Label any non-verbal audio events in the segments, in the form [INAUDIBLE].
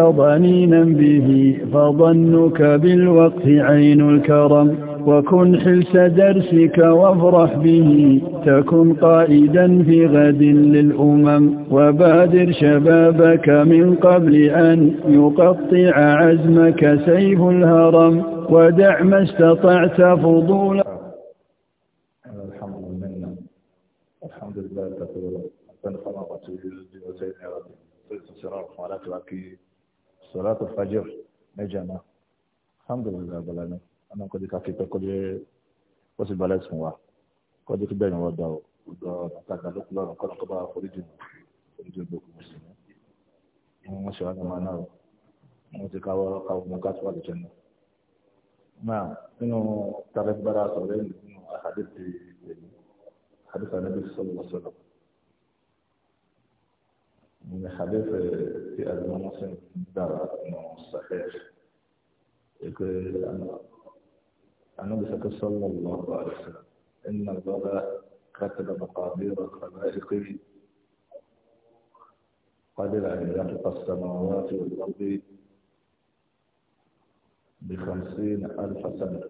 ظنينا به فظنك بالوقت عين الكرم وكن حلس درسك وافرح به تكن قائدا في غد للأمم وبادر شبابك من قبل أن يقطع عزمك سيف الهرم ودع ما استطعت فضولا الحمد لله الحمد لله sọ̀rọ̀tò fajr mẹ́jọ náà alhamdulilayi abala ni ọ̀nà kọ́dí ká fi pẹ́ kọ́dí ó sì balẹ̀ sùn wa kọ́dí kí bẹ́ẹ̀ ni wọ́n dá o gbọ́ ọ̀nà tàgbà lókù lọ́rùn kọ́nà kọ́ bá foríjì nù foríjì gbogbo mùsùlùmí wọ́n ṣe wá ní ọmọ náà o wọ́n ti káwọ́ káwọ́ mú káṣíwá lè jẹun náà nínú tàbí bára sọ̀rọ̀ nínú àhàdìsì àhàdìsì ànábì sọ̀rọ̀ sọ̀rọ̀ من حديث في أبي مسلم دار أنه صحيح يقول النبي صلى الله عليه وسلم إن الله كتب مقادير الخلائق قدر أن يخلق السماوات والأرض بخمسين ألف سنة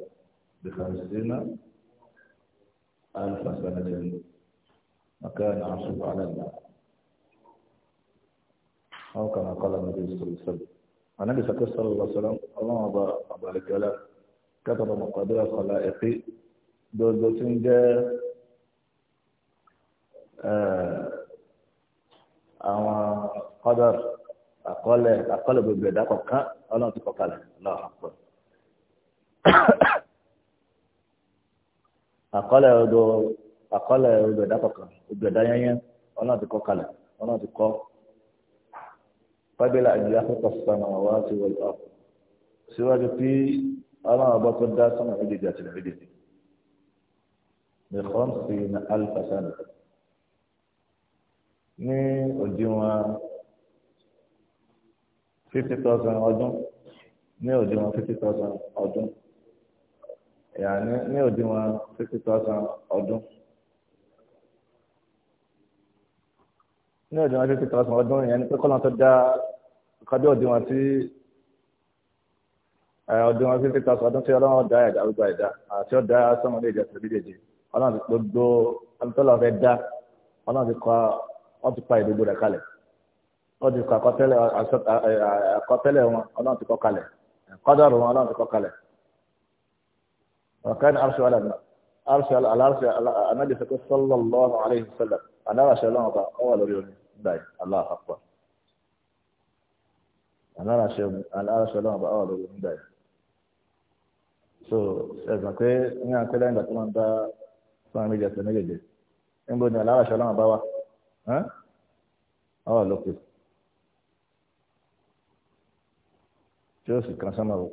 بخمسين ألف سنة وكان عصب على الماء àwọn kan náà kọ́lá níbi ìṣòro ìṣòro ànábì sọ́kẹ́ sọ́rọ̀ lọ́sọ̀rọ̀ ọlọ́run ọba àbàlẹ̀kẹ́lá kẹ́tọ̀ọ́ mọ̀kàdúrà kọ́lá ẹ̀fẹ́ gbogbo tí ń jẹ́ àwọn kọ́dọ̀ àkọọ́lẹ̀ àkọọ́lẹ̀ gbogbo ẹ̀dá kọ̀ọ̀kan ọlọ́run ti kọ̀kalẹ̀ lọ́wọ́ àpọ̀ àkọọ́lẹ̀ odò àkọọ́lẹ̀ odò ẹ̀dá kọ̀ọ̀kan odò ẹ̀dá yẹn yẹn ọlọ́run ti kọ̀kalẹ̀ ọlọ́run ti kọ́ قبل أن يخلق السماوات والأرض سواء في أنا أبطل داسم عددات العدد بخمسين ألف سنة ní òdiwọ̀n fifty thousand ọdún ní òdiwọ̀n fifty thousand ọdún yàní ní òdiwọ̀n fifty thousand ọdún ní ọdún wọn fifty thousand ọdún yẹn ni pé kọ́lọ́n tó dá kọjú ọdún wọn tí ọdún wọn fifty thousand ọdún tí ọlọ́run dá ẹ̀dá gbogbo ẹ̀dá àti ọ̀dá sọ́mọdé ìjọ tẹ̀lé méjèèjì ọlọ́run ti gbogbo ọlọ́run fẹ́ dá ọlọ́run ti kọ́ wọ́n ti pa ìdógbò rẹ̀ kalẹ̀ wọ́n ti kọ́ àkọtẹ́lẹ̀ wọn ọlọ́run ti kọ́ kalẹ̀ kọ́dọ̀rù wọn ọlọ́run ti kọ́ kalẹ̀ ọ̀kan arṣọ alàmì arṣọ alàmì anábìsẹ̀kọ́ sọ́lọ́lọ́rùn aláìsísẹ́lẹ̀ anábàṣẹ́ ọlọ́run ọba ọwọ́ lórí omi Christ Allah akbar alára ṣe ọlọ́run bá wà lórí nígbà yìí so ẹ̀sìn pé ní àpé lẹ́yìn ìgbà tó máa ń bá fún àmì ìjẹsẹ̀ méjèèjì níbo ni alára ṣe ọlọ́run bá wà ọ̀rọ̀ lókè tí ó sì kan sọ́mọ́ o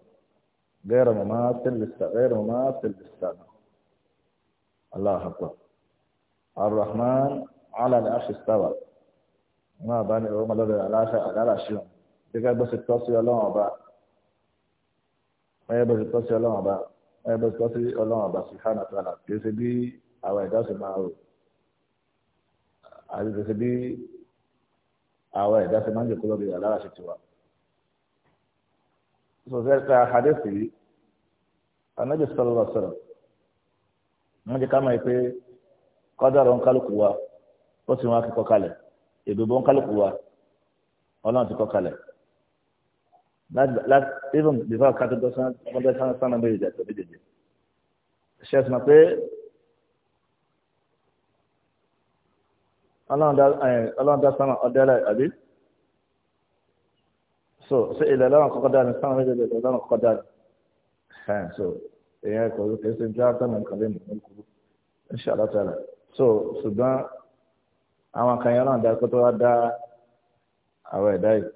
gẹ́rọ mọ́ máa tẹ̀lé gẹ́rọ mọ́ máa tẹ̀lé sàmà Allahu akbar Ar-Rahman ala al-arsh istawa. wọn àbá ní ọmọ lọ́dọ̀ aláṣà àdáraṣí wọn gẹ́gẹ́ bó ṣe tọ́ sí ọlọ́run ọba gẹ́gẹ́ bó ṣe tọ́ sí ọlọ́run ọba gẹ́gẹ́ bó ṣe tọ́ sí ọlọ́run ọba subhanahu wa ta'ala kì í ṣe bí àwọn ẹ̀dá ṣe máa rò àti kì í ṣe bí àwọn ẹ̀dá ṣe máa ń jẹ́ kúlọ́bì aláraṣí tiwa. sọ̀tẹ́ ká hadith yìí anábì sallallahu alaihi wasallam wọ́n jẹ́ ká máa yí pé kọ́dà rọ̀ ń kálukú wa ó sì wọn akẹ́kọ̀ọ́ kalẹ̀ ìdòbó ń kálukú wa ọlọ́run ti kọ́ kalẹ̀ láti even before kátó dọ́sán sánà méjèèjì àti méjèèjì ṣe é sọ pé ọlọ́run dá sánà ọdẹ́rẹ́ àbí so ṣe ilẹ̀ lọ́rùn kọ́kọ́ dáa ní sánà méjèèjì àti lọ́rùn kọ́kọ́ dáa ẹ̀ so èèyàn kò kí n ṣe jẹ́ àtọ́nà nǹkan lẹ́nu ní kúrú inshallah ta'ala so ṣùgbọ́n àwọn akanyẹ náà dá kótó wá dá àwọn ẹ̀dá yìí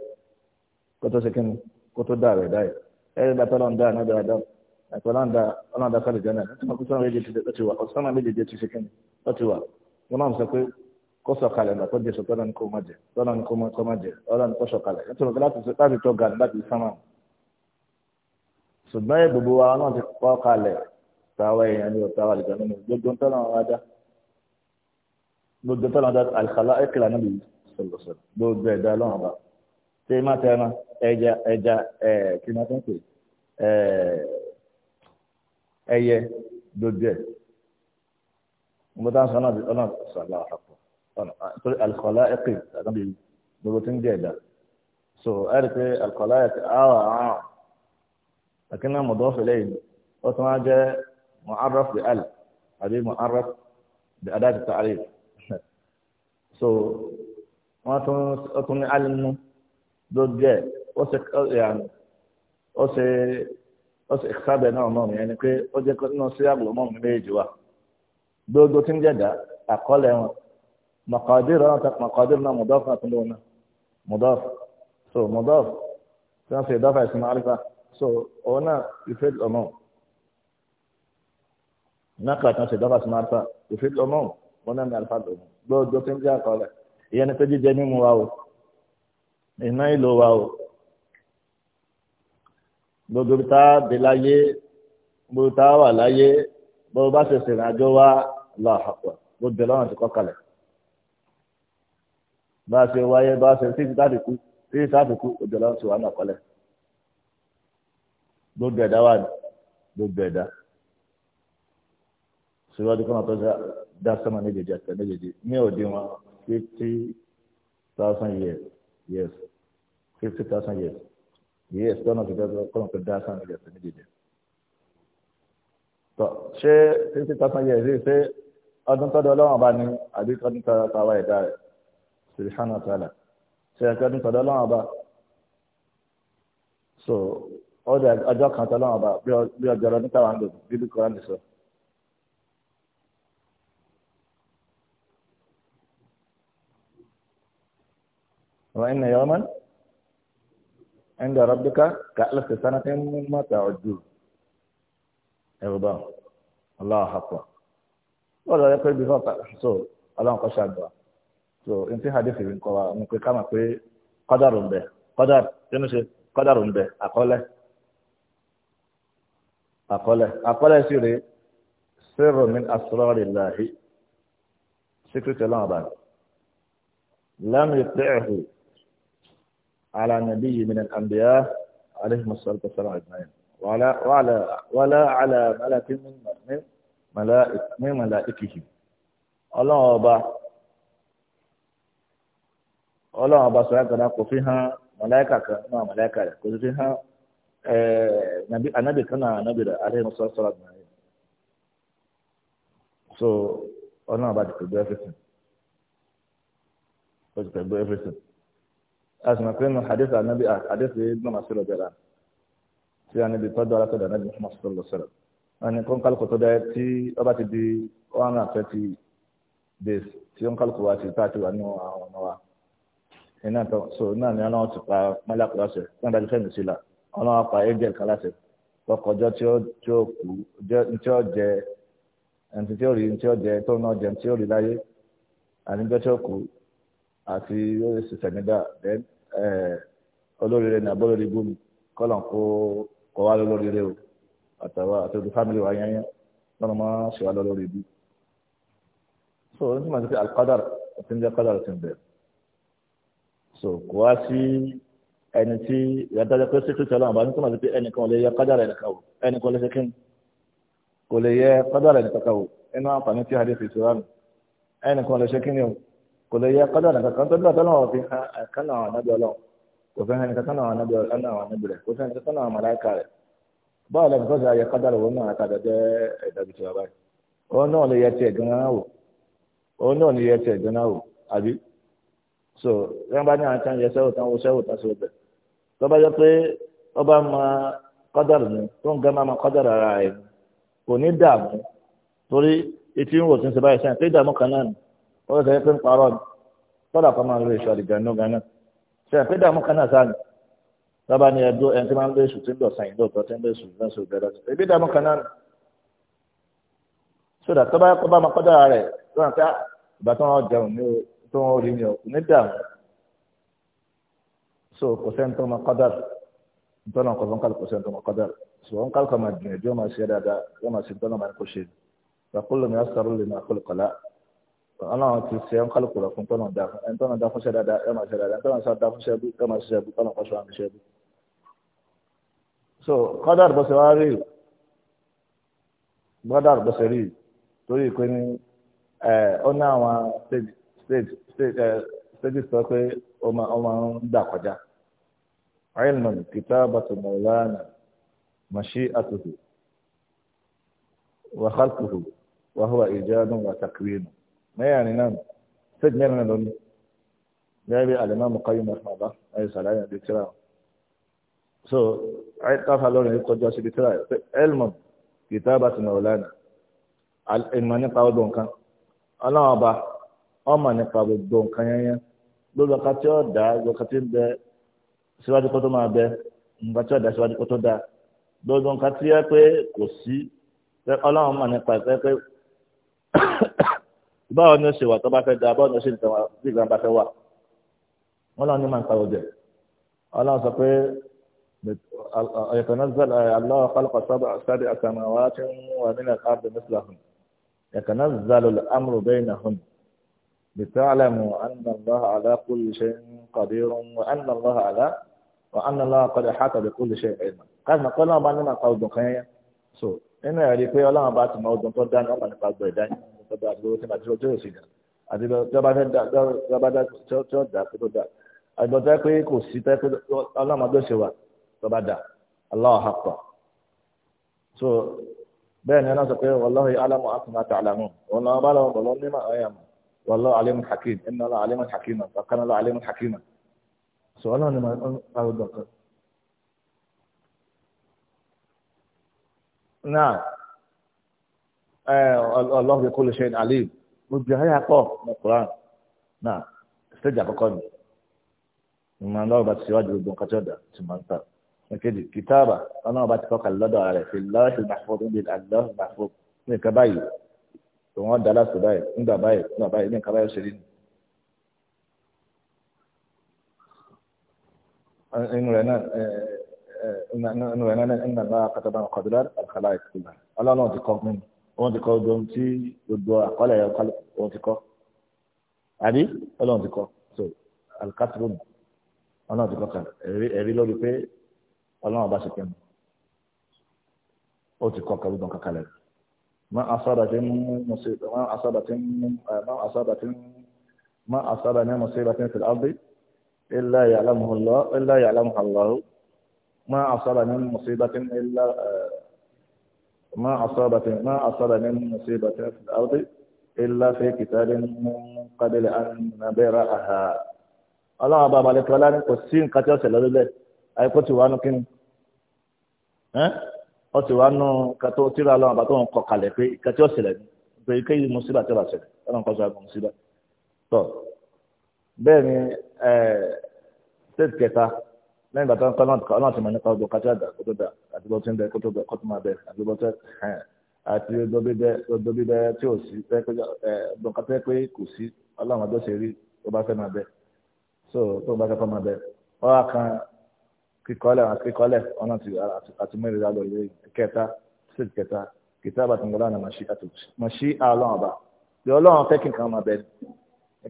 kótó ṣe kíni kótó dá àwọn ẹ̀dá yìí ẹ̀rí bàtà náà dá ànábẹ́ àdá àti ọlọ́run dá ọlọ́run dá sálẹ̀ jẹ́nà ẹ̀tí wọn kó sọ́nà méjèèjì ló ti wà ọ̀sán náà méjèèjì ti ṣe kíni ló ti wà wọn náà sọ pé kó sọ náà kó jẹ sọ tọ́lá kó má jẹ tọ́lá ní kó má jẹ ọlọ́run kó sọ kalẹ̀ nítorí pé láti tọ́ ga láti sánmà ṣùgbọ́n gbogbo wa náà ti kọ́ kalẹ̀ táwa èèyàn ní ọ̀táwa àlùjọ nínú gbogbo gbogbo tó lọ́dọ̀ àlùkàlà ẹ̀kìlà níbi sọ̀rọ̀sọ̀rọ̀ gbogbo ẹ̀dá ọlọ́run ọba tí má tẹ ẹran ẹja ẹja ẹ̀ kí ni wọ́n tún pè ẹ̀ ẹyẹ gbogbo ẹ̀ gbogbo tó ń sọ náà sọ̀rọ̀ àpọ̀ torí àlùkàlà ẹ̀kìlà níbi gbogbo tó ń jẹ́ ẹ̀dá so ẹ̀rì pé àlùkàlà ẹ̀kìlà àwọn àwọn àkínná mọ̀dọ́fẹ̀lẹ́ yìí ó tún wá jẹ́ mu'arraf bi al àbí mu'arraf bi adájú ta'arif so wọ́n tún ọtún ní alimu lójú ẹ̀ ó ṣe ó ṣe ó ṣe sábẹ̀ náà mọ̀ mí ẹni pé ó jẹ́ kó nínú sí àgbò mọ̀ mí méjì wá gbogbo tí ń jẹ̀dá àkọọ́lẹ̀ wọn mọ̀kàdìrì náà mọ̀kàdìrì náà mọ̀dọ́fù náà tún náà mọ̀dọ́fù so mọ̀dọ́fù tí wọ́n fi ìdọ́fà ìsinmi alifa so òun náà ìfẹ́ ọmọ náà kàtà ṣe ìdọ́fà ìsinmi alifa ìfẹ́ ọmọ wọn náà ní alifa lòun gbọ́dọ̀ tó ń jẹ́ àkọọ́lẹ̀ ìyẹn ni pé jíjẹ mímu wa o iná ìlò wa o gbogbo tá a dé láyé gbogbo tá a wà láyé gbogbo bá ṣe ṣèrìn àjò wa lọ́àpọ̀ gbogbo lọ́rùn ti kọ́ kalẹ̀ bá a ṣe wáyé bá a ṣe títí tá fi kú títí tá fi kú gbogbo lọ́rùn ti wà náà kọ́lẹ̀ gbogbo ẹ̀dá wà gbogbo ẹ̀dá síwájú kọ́nà tó ṣe dá sọ́mọ méjèèjì àti méjèèjì ní òdiwọ̀n fifty thousand years yes, fifty thousand years years tọ́nà fi dọ́gbọ́n kọ́nà fi dá sọ́mọ méjèèjì àti méjèèjì. tọ́ ṣé fifty thousand years yìí ṣé ọdún tọ́dọ̀ ọlọ́wọ́n bá ní àbí ọdún tọ́dọ̀ tàwa ẹ̀dá rẹ̀ subhanahu wa ta'ala ṣe ẹ̀kọ́ ọdún tọ́dọ̀ ọlọ́wọ́n bá so ọjọ́ kan tọ́lọ́wọ́n bá bí ọjọ́ ọdún táwa ń lò bíbí kọ́ra nìṣọ́. wa inna yawman inda rabbika ka alfi sanatin mimma ta'uddu ẹ̀rọ̀bá Allahu akbar wọ́n lọ rẹ pé bí so ọlọ́run kọ́ ṣàdùà so n ti hadith yìí ń kọ́ wa ní pé ká mọ̀ pé kọ́dàrú ń bẹ kọ́dàrú nínú ṣe kọ́dàrú ń bẹ àkọọ́lẹ̀ àkọọ́lẹ̀ min asrarillahi secret ọlọ́run lam yuti'hu على نبي من الأنبياء عليهم الصلاة والسلام ولا ولا ولا على ملك من ملائك من ملائكه الله أبا الله أبا سواء كان فيها ملائكة كان ملائكة كنا فيها نبي النبي كان نبي عليه الصلاة والسلام so الله أبا تكبر everything تكبر everything asùnmọ̀ pé nù hadith anabi hadith yìí gbọ́n àṣírí ọjà rà tí anabi tọ́jú ara tọ́jú anabi muhammad sallallahu alaihi wasallam wọn ni kó ń kálukú tó dáa tí ọba ti di one hundred and thirty days tí ó ń kálukú wa ti tá a ti wà nínú àwọn ọmọ wa iná tó so náà ni ọlọ́run ti pa mọ́lákù láṣẹ náà dájú fẹ́mi sí la ọlọ́run pa angel kan láṣẹ kọkọjọ́ tí ó tí ó kú tí ó jẹ ẹni tí ó rí tí ó jẹ tó náà jẹ tí ó rí láyé àníjọ́ tí ó kú àti ó sì sẹ̀mí dáa then Eh, olóríire ní abọ́lórí bómi kọ́lọ̀ kó kọ́ wá lólóríire o àtàwọn àtẹ̀wé fámìlì wa yẹn yẹn lọ́nà máa ṣe wá lólórí bí. so ní sọ́mọ́ àti alqadar ti ń jẹ́ qadar ti ń bẹ̀. so kò wá sí ẹni tí ìyàtọ̀jọ́ pé síkírìtì ọlọ́run bá ní sọ́mọ́ àti pé ẹnìkan lè yẹ qadar ẹnìkan o ẹnìkan lè ṣe kí kò lè yẹ qadar ẹnìkan o inú àǹfààní tí hadith ìṣúra nù ẹnìkan lè ṣe kí o kò lè yẹ kọ́dọ̀ nìkan kan tó dúró tọ́lọ́ fi hàn ẹ̀kan náà ànábì ọlọ́run kò fi hàn nìkan kan náà ànábì ọlọ́run náà ànábì rẹ̀ kò fi hàn nìkan kan náà màláìka rẹ̀ báwo lẹ́nu tó ṣe ayẹ rẹ̀ wọn náà kàdé jẹ́ so yẹn bá ní wọ́n sọ pé ń parọ́ ni kọ́dà kan máa ń lo èso àdìgbànú ganan ṣe àpé dààmú kan náà sáà ni lábàá ni ẹdún ẹni tí máa ń lo èso tí ń dọ̀sán yìí lóòótọ́ tí ń lo èso ìgbà sóò gbẹdọ̀ ebi dààmú kan náà ni sódà tó bá kọ́ bá máa kọ́dà rẹ̀ lọ́nà pé ìgbà tó wọn jẹun ní o tó wọn rí ni o kò ní dààmú so kò sẹ́ni tó máa kọ́dà ntọ́nà kọ̀ọ̀kan kálù kò sẹ́ni tó máa kọ́dà ṣùgbọ́n kálù kan máa gbìyànjú ọmọ ṣe dáadáa ọmọ ṣe ntọ́nà máa ni a sọ̀rọ̀ lè máa kó ọlọ́run ti ṣe ń kálukú rẹ̀ fún tọ́nà dá ẹni tọ́nà dá fúnṣẹ́ dáadáa ẹ máa ṣe dáadáa ẹni tọ́nà dá fúnṣẹ́ bí ẹ máa ṣiṣẹ́ bí tọ́nà kọ́ṣọ́ àmì ṣẹ́ so kọ́dà bó ṣe wá rí bọ́dà bó ṣe rí torí pé ní ó ní àwọn stages tó pé ó máa ń dà kọjá. ilmun kitabatu maulana mashi'atuhu wa khalquhu wa huwa ijadun wa takwinu mẹ́rin náà stage mẹ́rin náà lónìí gẹ́gẹ́ bí alimami qayyim rahmanba ayé sàlàyé àti tíra so ayé káfa lórí ní kọjá síbi tíra elmo kìtàbà tí náà lánà ìmọ̀ nípa gbogbo nǹkan ọlọ́run ọba ọmọ nípa gbogbo nǹkan yẹn yẹn lórí ọkà tí ó dá ọkà tí ń bẹ síwájú kó tó máa bẹ nǹkan tí ó síwájú kó dá gbogbo nǹkan tí yẹ pé kò sí ọlọ́run mọ̀ nípa ìpẹ́ pé báwo ni ó ṣe wà tó bá fẹ́ da báwo ni ó ṣe nǹkan tí ìgbà bá fẹ́ wà wọn làwọn ní máa ń ta ọjẹ ọlọ́run sọ pé يتنزل الله خلق سبع سبع سماوات ومن الأرض مثلهن يتنزل الأمر بينهن لتعلموا أن الله على كل شيء قدير وأن الله على وأن الله قد أحاط بكل شيء علما قال ما قال ما نما قول بخير سو إن يريكوا الله ما بات ما ودون تدان ما نقول بيدان bàbá àgbẹ̀wò tí màtí ọjọ́ òsì dà àti bàbá fẹ́ dà bàbá dà tí ó dà kó tó dà àgbọ̀n tẹ́ pé kò sí tẹ́ pé ọlọ́mọdé ṣe wà bàbá dà aláwọ̀ àpà so bẹ́ẹ̀ ni ọlọ́sọ pé wallahu alamu akuma ta'lamun wọn bá lọ bọ̀ lọ́ọ́ mímọ̀ ọ̀yà mọ̀ wallahu alimun hakim inna Allaha alimun hakim ọ̀kan lọ alimun hakim so ọlọ́run ni mo ń pariwo ọlọ́run kò lè ṣe àlè gbogbo ayé pọ̀ ní koran náà stage àkọ́kọ́ ni ìmọ̀ ọlọ́run bá ti ṣèwádìí gbogbo nǹkan tí ó dà tí mo ń tà níkejì kìtàbà ọlọ́run bá ti kọ́ kalẹ̀ lọ́dọ̀ rẹ̀ fi lọ́ọ̀ṣì gbàfọ́ níbi àlọ́ọ̀ṣì gbàfọ́ ní nǹkan báyìí tó wọ́n dá láti báyìí nígbà báyìí nígbà báyìí ní nǹkan báyìí ó ṣe rí ni. inú rẹ̀ náà eh, eh, inú rẹ̀ náà inú rẹ̀ náà kàtàbà kọ̀dúrà àkàlà ìkùnà ọlọ́run ti kọ́ mímu wọ́n ti kọ́ gbogbo ohun tí gbogbo àkọọ́lẹ̀ yẹn wọ́n ti kọ́ àbí ọlọ́run ti kọ́ so alikatrum ọlọ́run ti kọ́ kan ẹ̀rí lórí pé ọlọ́run bá ṣe pẹ́ mu ó ti kọ́ kẹ́lú gan kankan lẹ́nu máa asábà tí ń mú máa asábà tí ń mú máa asábà tí ń máa asábà ní musibatin fil ardi illa ya'lamuha Allah illa ya'lamuha Allah máa asábà ní musibatin illa. ما أصابت ما أصاب من مصيبة في الأرض إلا في كتاب من قبل أن نبرأها الله أبا مالك ولا نقصين قتل سلالة أي قلت وانو كن ها قلت وانو كتو ترى الله أبا تون قلة في قتل سلالة في كي مصيبة ترى سلالة أنا قصة مصيبة تو بني تذكرة لين بتوان قلنا قلنا تمني قلنا قتل دا قتل دا àti lọ tí ń bẹ kótó bẹ kótó máa bẹ àti lọ tẹ ẹn àti lọ bí bẹ tí ò sí pẹ pé ẹ pé kò sí ọlọ́run ọjọ́ ṣe rí tó bá fẹ́ máa bẹ so tó bá fẹ́ máa bẹ wọ́n á kan kíkọ́lẹ̀ àti kíkọ́lẹ̀ ọ̀nà àti mú ìrírá lọ ilé kẹta sí kẹta kìtà bàtà ńgọ́lá náà màṣí àtúntò màṣí àlọ́ ọ̀bà bí ọlọ́run fẹ́ kí nǹkan máa bẹ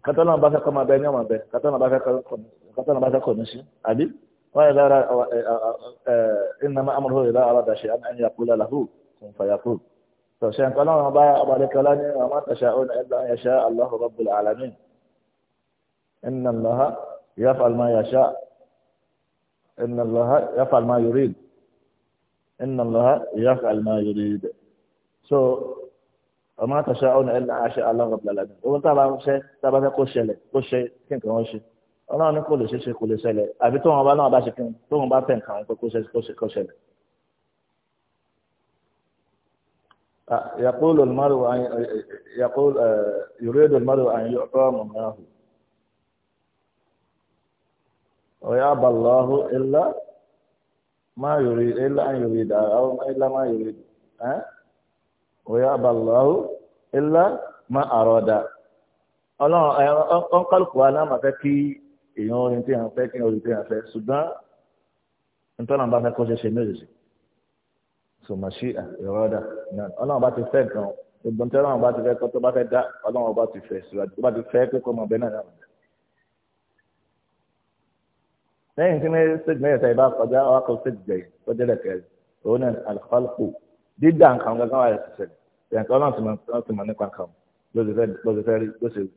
kátàlọ́n bá fẹ́ kọ́ máa bẹ ní ọmọ وإذا را... إنما أمره إذا أراد شيئا أن يقول له كن فيقول فشيئا قال وما بايع ذلك لنا وما تشاءون إلا أن يشاء الله رب العالمين إن الله يفعل ما يشاء إن الله يفعل ما يريد إن الله يفعل ما يريد so وما تشاءون إلا أن يشاء الله رب العالمين وانت طبعا شيء طبعا كل شيء كل شيء كن كل شيء ọlọ́run ní kò lè ṣeéṣe kò lè ṣẹlẹ̀ àbí tó wọn bá náà bá ṣe fún un tó wọn bá tẹ̀ nǹkan àwọn pé kó ṣe kó ṣẹlẹ̀. يقول المرء أن يقول يريد المرء أن يعطى مناه ويأبى الله إلا ما يريد إلا أن يريد أو إلا ما يريد ويأبى الله إلا ما أراد ọlọ́run ọ̀nkọ́lùkù eh, wa náà máa fẹ́ kí èèyàn orin tí yàn fẹ́ kí yàn orin tí yàn fẹ́ ṣùgbọ́n ntọ́nà bá fẹ́ kó ṣe ṣe méjì sí sọmọṣí ìrọ́dà náà ọlọ́run bá ti fẹ́ nǹkan gbogbo ntẹ́ ọlọ́run bá ti fẹ́ kó tó bá fẹ́ dá ọlọ́run bá ti fẹ́ síwájú tó bá ti fẹ́ pé kó mọ̀ bẹ́ẹ̀ náà lẹ́yìn tí wọ́n ṣèjì mẹ́ta ìbá kọjá wa kó ṣèjì jẹ̀yìn tó jẹ́ lẹ́kẹ̀ẹ́ òun náà alikọ́lùkù dídá nǹkan gángan wà ẹ̀ ṣiṣẹ́ ìyàtọ̀ ọlọ́run ti mọ̀ nípa nǹkan lóṣìṣẹ́ lóṣìṣẹ́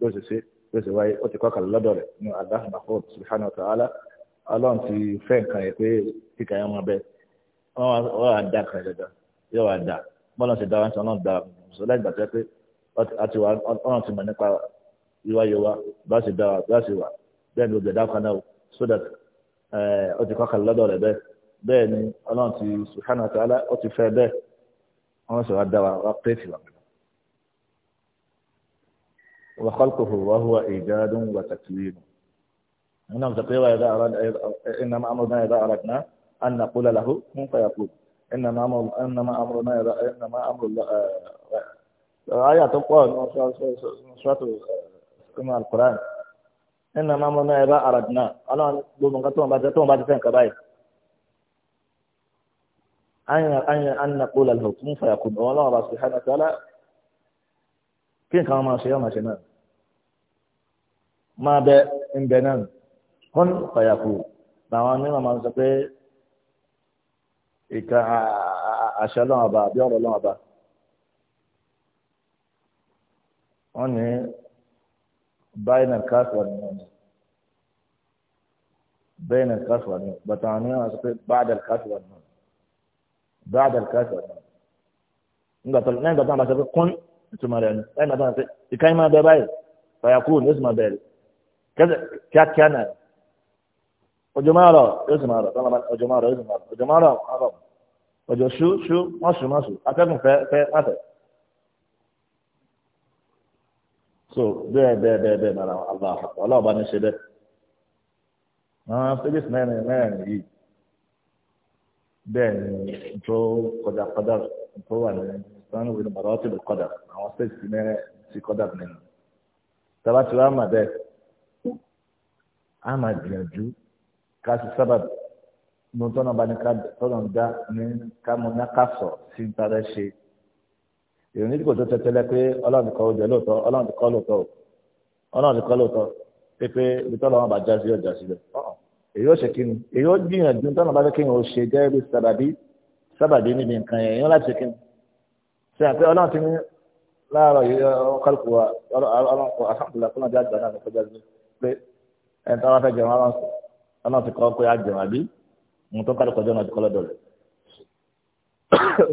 lóṣìṣẹ́ bí ó sì wáyé ó ti kọ́ kàlẹ́ lọ́dọ̀ rẹ̀ ní adáhùn mahmoud subhanahu wa ta'ala ọlọ́run ti fẹ́ nǹkan yẹn pé kíkà yẹn máa bẹ wọ́n wá da kan dandan yóò wá da bọ́lá ti da wọn tí ọlọ́run da mùsùlùmí lẹ́yìn gbàtẹ́ pé ọlọ́run ti mọ̀ nípa ìwà yorùbá bá sì da bá sì wà bẹ́ẹ̀ ni ó gbẹ̀dá kan náà so that eh, ó ti kọ́ kàlẹ́ lọ́dọ̀ rẹ̀ bẹ́ẹ̀ bẹ́ẹ̀ ni ọlọ́run ti subhanahu wa ta'ala ó ti fẹ́ bẹ́ẹ̀ wọ́n sì wá da wa wá pé tìwà وخلقه وهو إيجاد وتكوين هنا تقول إذا أراد إنما أمرنا إذا أردنا أن نقول له كن فيقول إنما أمر إنما أمرنا إذا إنما أمر آيات القرآن سورة القرآن إنما أمرنا إذا أردنا أنا بقول من قطعة بعد قطعة بعد فين كبير أن أن أن نقول له كن فيقول الله سبحانه وتعالى kí nǹkan máa ṣe yọ máa ṣe náà máa bẹ ń bẹ náà kún fàyàkù làwọn onímọ̀ máa ń sọ pé ìka àṣẹ lọ́wọ́ bá àbí ọ̀rọ̀ lọ́wọ́ bá wọ́n ní báyìí náà káàsùwà ní wọn ni báyìí náà káàsùwà ní wọn bàtà àwọn onímọ̀ sọ pé báàdà káàsùwà ní wọn báàdà káàsùwà ní wọn nígbà tó ń bá sọ pé kún ìtumọ̀ rẹ̀ ni láì máa bá wọn ṣe ìka yín máa bẹ báyìí fàyà kúrò ní oṣù máa bẹ̀rẹ̀ kíákíá náà ọjọ́ máa rọ̀ yóò sì máa rọ̀ ọjọ́ máa rọ̀ yóò sì máa rọ̀ ọjọ́ máa rọ̀ máa rọ̀ ọjọ́ ṣú ṣú má ṣú má ṣú atẹ́gùn fẹ́ fẹ́ má fẹ́. so bẹ́ẹ̀ bẹ́ẹ̀ bẹ́ẹ̀ bẹ́ẹ̀ nara ọlọ́ọ̀bá ní ṣe bẹ́ẹ̀. àwọn fílíṣ mẹ́rin mẹ́rin yìí bẹ́ẹ̀ ni tó kọjá kọjá tó wà lẹ́yìn sọ́nù wí ní mọ̀rọ́tì lè kọ́dà àwọn stéètì mẹ́rẹ̀ ti kọ́dà nínú. tọ́ba tí wàá mà bẹ́ẹ̀ á máa gbìyànjú ká sì sábà nu tọ́nà bá ní ká tọ́nà dá ní ká mọ ní ká sọ sí ń tarẹ́ ṣe. ìròyìn kò tó tẹ́tẹ́lẹ́ pé ọlọ́run kọ́ ojú lóòótọ́ ọlọ́run kọ́ lóòótọ́ ọlọ́run kọ́ lóòótọ́ pé pé ibi tọ́lọ́ wọn bá já sí ọjà sílẹ̀ èyí ó ṣe kí ni èyí ó gbìyànjú tọ́nà bá fẹ́ kí n ò ṣe gẹ́gẹ́ bí ṣe àpẹ ọlọ́run ti ní láàárọ̀ yìí ọ̀rọ̀ kálukú wa ọlọ́run kọ àṣàkùnlá kó náà jẹ́ àgbà náà lọ́kọ́ jáde pé ẹni táwọn afẹ́ jẹun ọlọ́run sọ ọlọ́run ti kọ́ pé á jẹun àbí mo tó kálukú ọjọ́ náà ti kọ́lọ́dọ̀ rẹ̀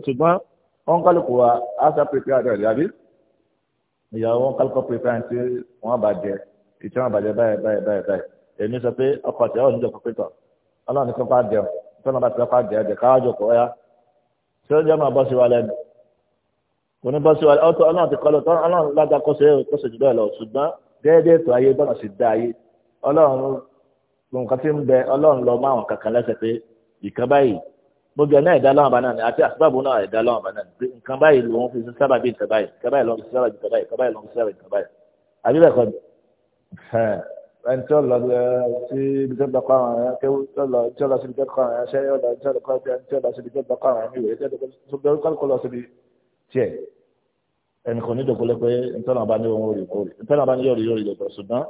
ṣùgbọ́n wọn kálukú wa á sá pèpè àdọ̀ rẹ̀ àbí ìyàwó wọn kálukú pèpè àǹtí wọn bàjẹ́ ìtí wọn bàjẹ́ báyìí báyìí báyìí báyìí èmi sọ pé ọkọ̀ tí ọ̀hún ìjọba ya ṣé ó jẹ́ oníbọ́sí wa ọ̀tọ̀ ọlọ́run ti kọ́lọ́ tọ́lọ́ ọlọ́run lágbá kọ́sẹ̀ kọ́sẹ̀ jù bẹ́ẹ̀ lọ ṣùgbọ́n déédéé tó ayé bọ́lá sì dá ayé ọlọ́run nǹkan tí ń bẹ ọlọ́run lọ máa wọn kankan lẹ́sẹ̀ pé ìkan báyìí gbogbo ẹ̀ náà ẹ̀dá lọ́wọ́ àbánáà ni àti àsìbáàbò náà ẹ̀dá lọ́wọ́ àbánáà ni pé nǹkan báyìí lòun fi sábà bí nǹkan báyìí nǹkan báyìí lòun fi sábà bí nǹkan báyìí nǹkan báyìí lòun fi sábà bí nǹkan báyìí àbí bẹ́ẹ̀ kọ́ ẹni tí ó lọ sí ibi tó gbàkọ́ àwọn ẹ̀yà kéwú tí ó lọ sí ibi tó gbàkọ́ àwọn ẹ̀yà ṣẹ́ tiẹ̀ ẹnì kan ní dọ̀kọ́lẹ́ pé ntọ́nà bá ní wọn ò rí kórè ntọ́nà bá ní yọ̀rì yọ̀rì lọ́tọ̀ ṣùgbọ́n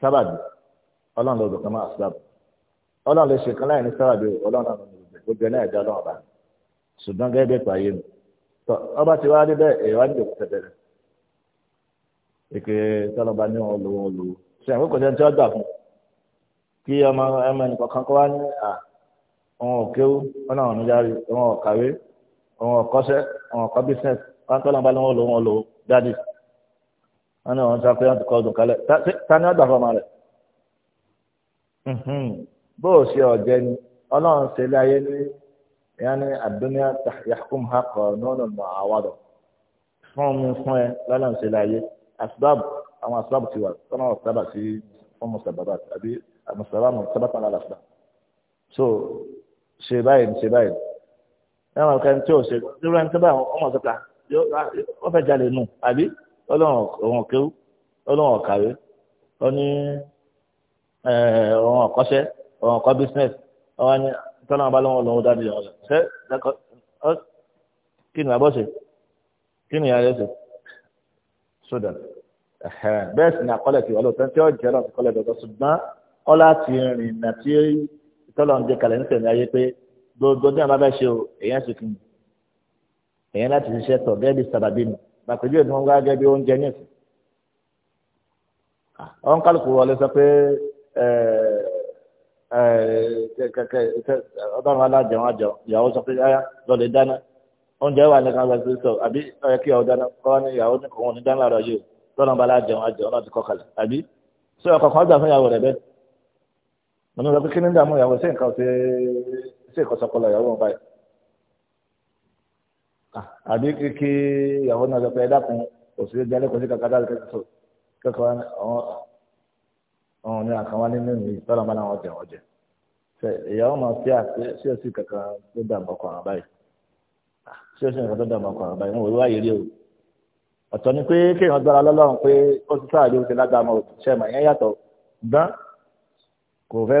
sábàbí ọlọ́run lọ́dọ̀ kan máa sábà ọlọ́run lè ṣe kan láì ní sábàbí ọlọ́run náà ló bẹ̀ náà ẹ̀dá ọlọ́run bá ṣùgbọ́n gẹ́gẹ́ bẹ́ẹ̀ pààyè mi tọ́ ọba ti wá dé bẹ́ẹ̀ èèyàn wá ní ìdòkú tẹ̀tẹ̀rẹ̀ èké tọ́nà bá ní wọn lòun lò àwọn ọ̀kọ́ṣẹ́ àwọn ọ̀kọ́ business káńtọ́ làǹbá ni wọ́n lò wọ́n lò dáàdì wọn náà wọ́n ti sá pé wọ́n ti kọ́ ọdún kalẹ̀ ta ni wọ́n gbà fọmọ rẹ̀ bó o ṣe ọ̀jẹ́ ni ọlọ́run ṣe lé ayé ní yanni àdúnyà yahkum ha kọ̀ nínú mọ̀ àwàdọ̀ fún mi fún ẹ lọ́lọ́run ṣe lé ayé asbab àwọn asbab ti wà tọ́nà ọ̀sábà sí fún mùsàbàbà àbí mùsàbàbà mùsàbàbà náà làṣà so ṣe báyìí ṣe báyìí ẹran kan tí ò ṣe irú ẹni tó bá ọmọ ọ̀sọ̀ta ah, ah, wọ́n fẹ́ jalè nù àbí ọlọ́run ọ̀kẹ́wù ọlọ́run ọ̀kàwé ọní ọ̀run ọ̀kọ́ṣẹ́ ọ̀run ọ̀kọ́ bísínẹ́sì ọ̀run ẹni tọ́lá ọba lọ́wọ́ lọ́wọ́ dáadé ọ̀rọ̀ ṣẹ́ kí ni àbọ̀ ṣe kí ni ìyá rẹ̀ ṣe sódà bẹ́ẹ̀ sì ni àkọlẹ̀ ti wọlé ọ̀tẹ́ tí ó gbogbo ní àbábá ṣe o èyàn ṣe èyàn láti ṣiṣẹ́ tọ̀ gẹ́gẹ́ bí sàbàbí mi bàtẹ́jú ìdúró gbá gẹ́gẹ́ bí oúnjẹ ní ìsìn. àwọn kálukú wọlé sọ pé ọlọ́run alájọ wọn àjọ ìyàwó sọ pé dáná oúnjẹ wà ní sọ àbí kí ìyàwó dáná kọ́ ní ìyàwó ní ní dáná yìí o bá wọn ti kọ́ kalẹ̀ àbí sọ ọkọ̀ kan sí ìkọsọkọlọ ìyàwó wọn báyìí ah, àbí kíkí ìyàwó náà sọ pé ẹ dákun òṣèré jalè kò sí kàkà dáre kẹsọ kẹkọọ àwọn àwọn ní àkànwá nínú ìlú tọ́lọ́mọ náà wọ́n jẹ wọ́n jẹ fẹ ìyàwó máa fi àṣẹ sí kàkà tó dààmú ọkọ̀ àwọn báyìí ah, ṣé o ṣe nǹkan ọ̀tọ̀ ni pé kéèyàn gbára lọ́lọ́run pé ó ti sáà ló ti lágbàá mọ́ òṣìṣẹ́ mà yẹn yàtọ̀ gbọ́n kò fẹ́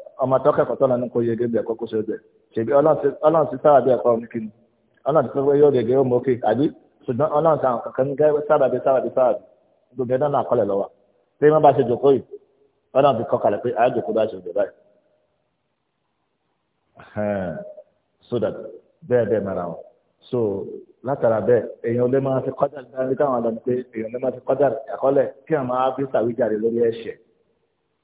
ọmọ tó kẹ́kọ̀ọ́ tó lánàá kó yege bẹ̀ kó kó so ṣèbí ọlọ́run ti sábà bí ẹ̀kọ́ ní kíni ọlọ́run ti pé yóò òkè àbí àwọn kankan gbogbo náà pé má ṣe jòkó yìí pé àá jòkó bá ṣe báyìí. so that bẹ́ẹ̀ bẹ́ẹ̀ mara wọn so látara bẹ́ẹ̀ èèyàn lè máa fi kọ́jà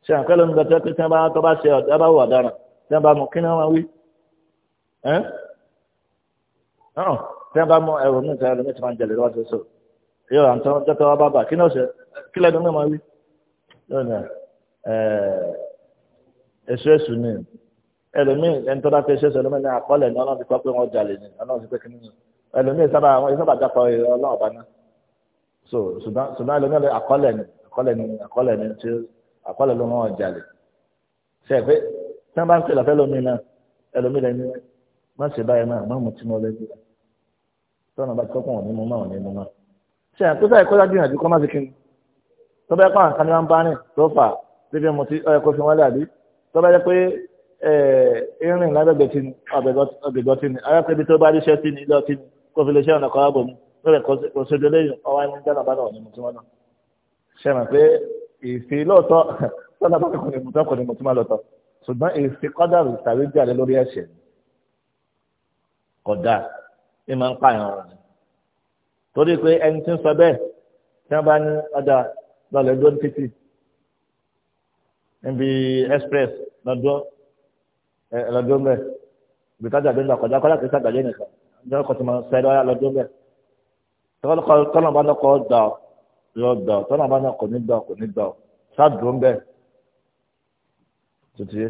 ṣe àǹkálẹ̀ ń gbàtẹ́ pé tí wọ́n bá tọ́ bá ṣe ọ̀dọ́ bá wù ọ̀daràn tí wọ́n bá mú kí ni wọ́n wí ẹ́ tí wọ́n bá mú ẹ̀rọ mi ìtàn ẹlòmíì tí wọ́n ń jẹ̀lẹ̀ lọ́wọ́ sọ́sọ́ yóò rà tán jọ́tọ́ wọn bá bà kí ni ọ̀sẹ̀ kí lẹ́nu mi máa wí lónìí èso èso ni ẹlòmíì ẹni tó bá fẹ́ ṣe ẹlòmíì ní àkọọ́lẹ̀ ni ọlọ́run ti kọ́ pé wọ́n jalè ni ọlọ́run ti pé kí ni ẹlòmíì sábà wọ́n ni àkọọ́lẹ̀ àkọọ́lẹ̀ ló wọn jalè sẹ́ẹ̀pẹ́ tí wọ́n bá ń pè lọ́fẹ́ lómi náà ẹlòmí lẹ́ni má se báyìí náà má mú tí mo lẹ́ni tọ́nà bá tọ́kùn òní mú máa òní mú máa ṣe àkóso àìkọ́lá gbìyànjú kọ́ má fi kí ni tó bá yẹ pé àǹkan ni wọ́n bá rìn tó fà bíbí mo ti ọyọ kó fi wọ́n dàbí tó bá yẹ pé irin lábẹ́gbẹ́ ti ni ọ̀bẹ̀gbọ́ ti ni ayọ́ pé ibi tó bá rí iṣẹ́ ti ni ilé ọtí ni kó fi lè ṣe ọ̀nà kọ́rábọ̀ mu lórí kò ṣojú lẹ́yìn ọwọ́ ẹni jẹ́ nàbá náà òní mu tí wọ́n náà ṣe èsè lọ́tọ̀ sọ́dà bá kọ́ni mọ̀tọ́ kọ́ni mọ̀tọ́ máa lọ́tọ̀ ṣùgbọ́n èsè kọ́dà tàbí jáde lórí ẹ̀ṣẹ̀ kọ̀dà ní máa ń pààyàn ọ̀rọ̀ torí pé ẹni tí ń sọ bẹ́ẹ̀ tí wọ́n bá ní ọ̀dà lọ́lẹ̀ dúró ní títì níbi express lọ́dọ́ lọ́dọ́ mẹ́ ibi tájà gbé ńlá kọjá kọ́dà kìí sàgbàjẹ́ nìkan ọjọ́ kọ́tùmọ̀ sẹ́dọ̀ lọ́dọ́ mẹ́ tọ́lọ́ yóò gbà ọ tọ́nà bá náà kò ní gbà ọ kò ní gbà ọ ṣáàdùn ń bẹ tuntun yé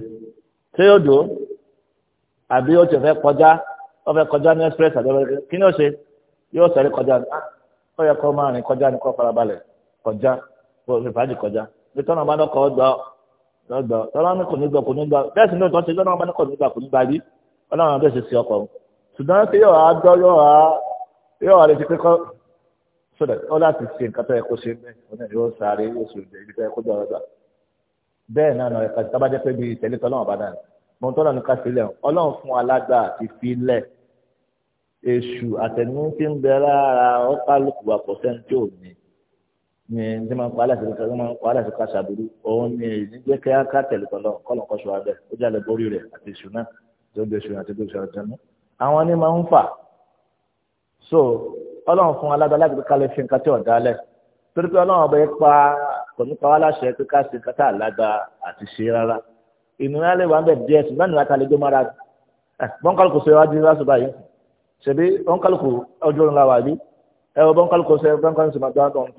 ṣé yóò dùn àbí ó ti fẹ́ kọjá ó fẹ́ kọjá ní express àdébẹ̀rẹ̀ kí ni ó ṣe yóò sẹ́rí kọjá ní ah! ó yẹ kó máa rìn kọjá ní kó farabalẹ̀ kọjá kó o fi fàájì kọjá bí tọ́nà bá náà kọ́ ọ gbà ọ lọ́gbà tọ́lá ní kò ní gbà kò ní gbà bẹ́ẹ̀ sì ní ìtọ́sí lọ́nà bá ní kò ní gbà kò ní gbà rí ọlọ́run bẹ́ẹ̀ sì sí ọkọ̀ ṣùgbọ́n kí yóò wá so that ó láti ṣe nǹkan tó yẹ kó ṣe bẹ́ẹ̀ ó náà yóò sáré yóò sì jẹ ibi tó yẹ kó jọ ọgbà bẹ́ẹ̀ náà nà ẹ̀ka tá bá jẹ́ pé bíi ìtẹ̀lé tọ́lọ́run ọba náà mo ń tọ́lọ́ ní ká sílẹ̀ ọlọ́run fún alágbà àti filẹ̀ èṣù àtẹ̀mí ti ń bẹ lára ọ̀pálùkù àpọ̀sẹ́ni tí ò ní aláṣẹ ká máa ń aláṣẹ ká ṣàbùrú òun ni èyí jẹ́ kí á ká tẹ̀lé kọ́ so ọlọ́run fún alágbá láti kálẹ̀ fi nǹkan tí ọ̀dá lẹ̀ torí pé ọlọ́run ọba yẹn pa kò ní pa wá láṣẹ pé ká ṣe nǹkan tá àlágbá àti ṣe rárá ìnira lè wà ń bẹ̀ díẹ̀ ṣùgbọ́n ìnira ta lè jó mára eh, bọ́ńkálùkù ṣe wájú lásù báyìí ṣèbí bọ́ńkálùkù ọjọ́ ńlá wà bí ẹ wọ bọ́ńkálùkù ṣe bọ́ńkálùkù ṣe máa tó àwọn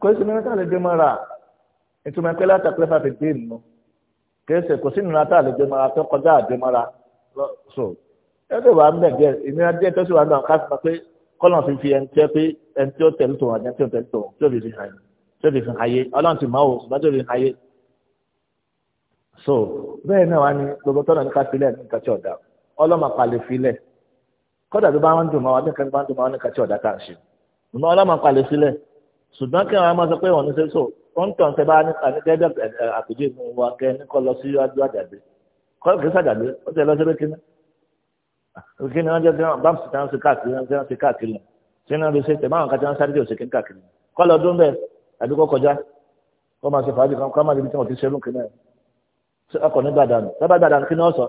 kò sí ìnira ta lè lè jó mára tó kọjá àjẹmára so ẹgbẹ́ wa ń bẹ̀ díẹ̀ ìnira díẹ̀ tó sì wà náà ká sọ pé kọ́lọ̀ fi fi ẹni tí ó pé ẹni tí ó tẹ̀lé tòun àti ẹni tí ó tẹ̀lé tòun tí ó fi fi hàn tí ó fi fi hàn ayé ọlọ́run ti máa wò ṣùgbọ́n tí ó fi hàn ayé so bẹ́ẹ̀ náà wá ní gbogbo tọ́nà ní ká filẹ̀ ní kàtí ọ̀dà ọlọ́mọ palẹ̀ filẹ̀ kọ́dà tó bá ń dùn mọ́ wa bẹ́ẹ̀ kẹ́ni bá ń dùn mọ́ wa ní kàtí ọ̀dà kan ṣe ṣùgbọ́n ọlọ́mọ palẹ̀ filẹ̀ ṣùgbọ́n kí wọ́n máa sọ pé wọ́n ní sẹ́sọ̀ wọ́n ń tàn tẹ́ bá ní gẹ́gẹ́ àpèjì ìmú wa kẹ́ ní kọ́ lọ sí iwájú àjàgbé kọ́ọ̀kì kí sàgàdé ó tẹ̀ lọ́sẹ̀ lókè náà òkè ni wọ́n jẹ́ gbọ́n bá ti tán sí káàkiri náà tí wọ́n ti káàkiri náà tí wọ́n lè ṣe tẹ̀ máwọn kan tí wọ́n sáré òsè kí n káàkiri kọ́ lọ dún bẹ́ẹ̀ àbí kọ́ kọjá kọ́ máa ṣe fàájì kan kọ́ máa débi tí wọ́n ti ṣerú kí náà ọkọ̀ ní gbàdánù tábà gbàdánù kí ni wọ́n sọ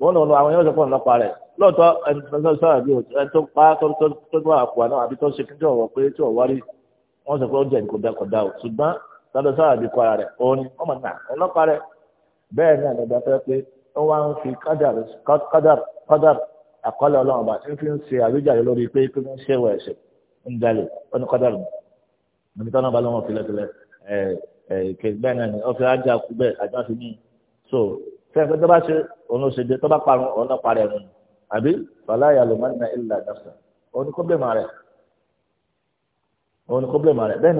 wọ́n lọ lọ àwọn yóò sọ fún ọlọ́pàá rẹ̀ lóòótọ́ ẹni tó pa tó wà àpò àná àbí tó ṣe kí tí ọ̀wọ́ pé tí ọ̀wọ́ rí wọ́n sọ pé ó jẹ́ ìkọ̀dá kọ̀dá o ṣùgbọ́n tọ́lọ́ sáà bí kọ́ ara rẹ̀ òun ni wọ́n mọ̀ náà ọlọ́pàá rẹ̀ bẹ́ẹ̀ ni àgbàdo fẹ́ pé wá ń fi kádàr kádàr kádàr àkọọ́lẹ̀ ọlọ́run ọba tí fi ń ṣe àwíjàre lórí pé kí wọ́n ṣe wọ ẹ̀ṣẹ̀ ń jalè ó ní kádàr mi níbi tọ́nà ọba lọ́wọ́ filẹ̀filẹ̀ ẹ̀ ẹ̀ kẹgbẹ́ náà ni ọ̀fẹ́ ajá kú bẹ́ẹ̀ àjọ àti mí so fẹ́ẹ́ tó bá ṣe òun ló ṣe dé tó bá parun òun ló parẹ́ ẹ̀rùn àbí fàlà yàlùmánà ìlà dàfẹ́ òun ni kọ́blẹ̀mù rẹ̀ òun ni kọ́blẹ̀mù rẹ̀ bẹ́ẹ̀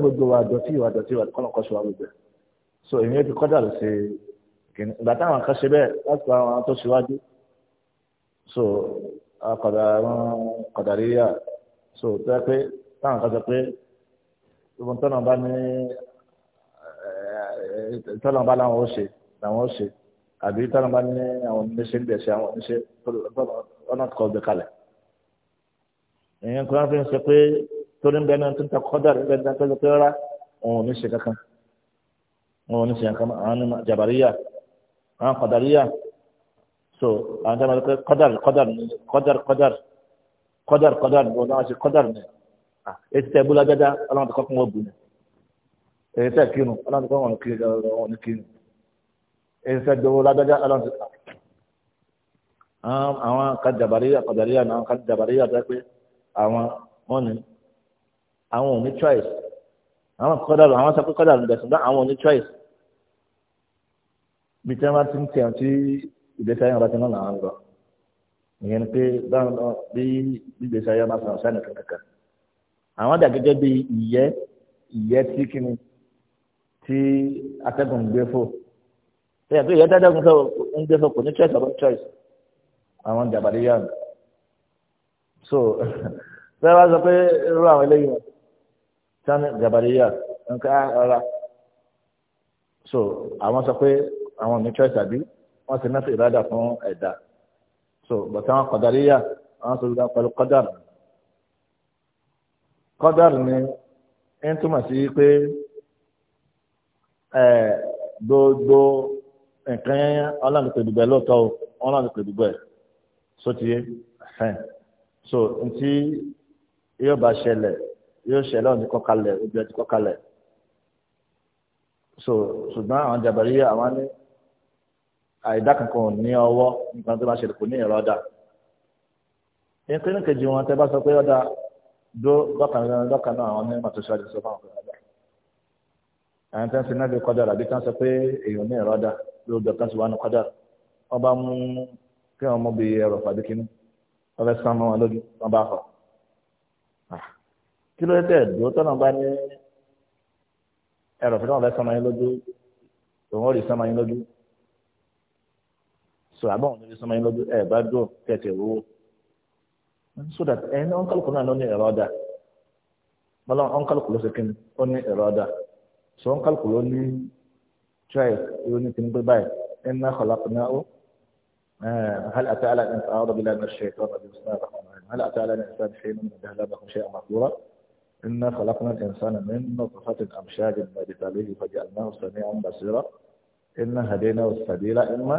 ni ìgbà táwọn kan ṣe bẹ́ẹ̀ láti pa àwọn tó ṣíwájú so àkọ̀dà àwọn kọ̀dàríyà so tó yẹ pé táwọn kan sọ pé gbogbo tọ́nà bá ní tọ́nà bá láwọn ó ṣe làwọn ó ṣe àbí tọ́nà bá ní àwọn oníṣẹ́ ń bẹ̀ṣẹ̀ àwọn oníṣẹ́ ọ̀nà kọ̀ ọ̀gbẹ̀ kalẹ̀ ìyẹn kan fi ń sọ pé torí ń bẹ náà tó ń ta kọ́dà ń bẹ náà tó ń tẹ́ rárá òun ò ní ṣe kankan òun ò ní ṣe kankan àwọn jàbáríyà àwọn kọ̀dàríyà so àwọn tí a máa pẹ́ kọ́dàr kọ́dàr ní kọ́dàr kọ́dàr kọ́dàr kọ́dàr ní ọ̀nà àti kọ́dàr ní etí tẹ búlá dáadáa ọlọ́run ti kọ́ fún wọn bù ní èyí tẹ kírun ọlọ́run ti kọ́ wọn kí wọn ní kírun èyí tẹ gbowó ládáadáa ọlọ́run ti kọ́ àwọn kàdàbàríyà kọ̀dàríyà àwọn kàdàbàríyà tó pé àwọn wọn ní àwọn ò ní choice bí tí wọn bá ti ń tẹ̀wọ̀n tí ìgbésí ayé wọn bá ti lọ ìyẹn ni pé báwọn lọ bí ìgbésí ayé wọn bá sọ̀rọ̀ sáyẹn kankan àwọn dà bí ìyẹ́ ìyẹ́ tí tí atẹ́gùn ń gbé fò ṣe choice of choice àwọn jàbàdí so [LAUGHS] ṣé wàá sọ pé irú àwọn eléyìí wọn sani jàbàdí nǹkan ara so àwọn sọ àwọn mi choice àbí wọ́n ti náà ìrádà fún ẹ̀dá so bọ̀tá àwọn kọ̀dáríyà àwọn sọ wípé pẹ̀lú kọ́dàrù kọ́dàrù ni ń túmọ̀ sí pé gbogbo nǹkan ọlọ́run pè dùgbẹ́ lóòótọ́ o ọlọ́run pè dùgbẹ́ sótìyé so ntí yóò bá ṣẹlẹ̀ yóò ṣẹlẹ̀ ọ̀nì kọ́kalẹ̀ ojú ẹ̀ ti kọ́kalẹ̀ so ṣùgbọ́n àwọn jàbárí àwọn ní àìdá kankan ní ọwọ́ nípa tó bá ṣẹlẹ̀ kò ní ìrọ́dà nǹkan kejì wọn tẹ bá sọ pé ọ̀dà dó lọ́kànlélọ́rùn lọ́kàn náà àwọn onímọ̀ tó ṣáájú sọ fáwọn ọ̀dà àwọn tẹ́ ń sin náà bí kọjá àbí tán sọ pé èèyàn ní ìrọ́dà ló dọ̀ tán sì wá ní kọjá wọn bá mú kí wọn mú bí ẹrọ fàbí kínú wọn fẹ́ sán mọ́ wọn lójú wọn bá fọ. Ah, kí ló dé dúró tọ́nà bá ní ẹrọ fún wọn fẹ́ sán mọ́ yín lójú so àbáwọn níbi sọmọ yín lọ́dún ẹ̀ bá dùn tẹ̀tẹ̀ owó so that ẹni ọ̀nkálùkù náà ló ní ẹ̀rọ ọ̀dà mọ́lá ọ̀nkálùkù ló ṣe kí ni ó ní ẹ̀rọ ọ̀dà so ọ̀nkálùkù ló ní tribe ló ní kíní pé báyìí ẹni náà kọ̀lá kùnà ó هل أتى على الإنسان أعوذ بالله من الشيطان الرجيم بسم الله الرحمن الرحيم هل أتى على الإنسان حين من الدهر لم يكن شيئا مذكورا إنا خلقنا الإنسان من نطفة أمشاج نبتليه فجعلناه سميعا بصيرا إنا هديناه السبيل إما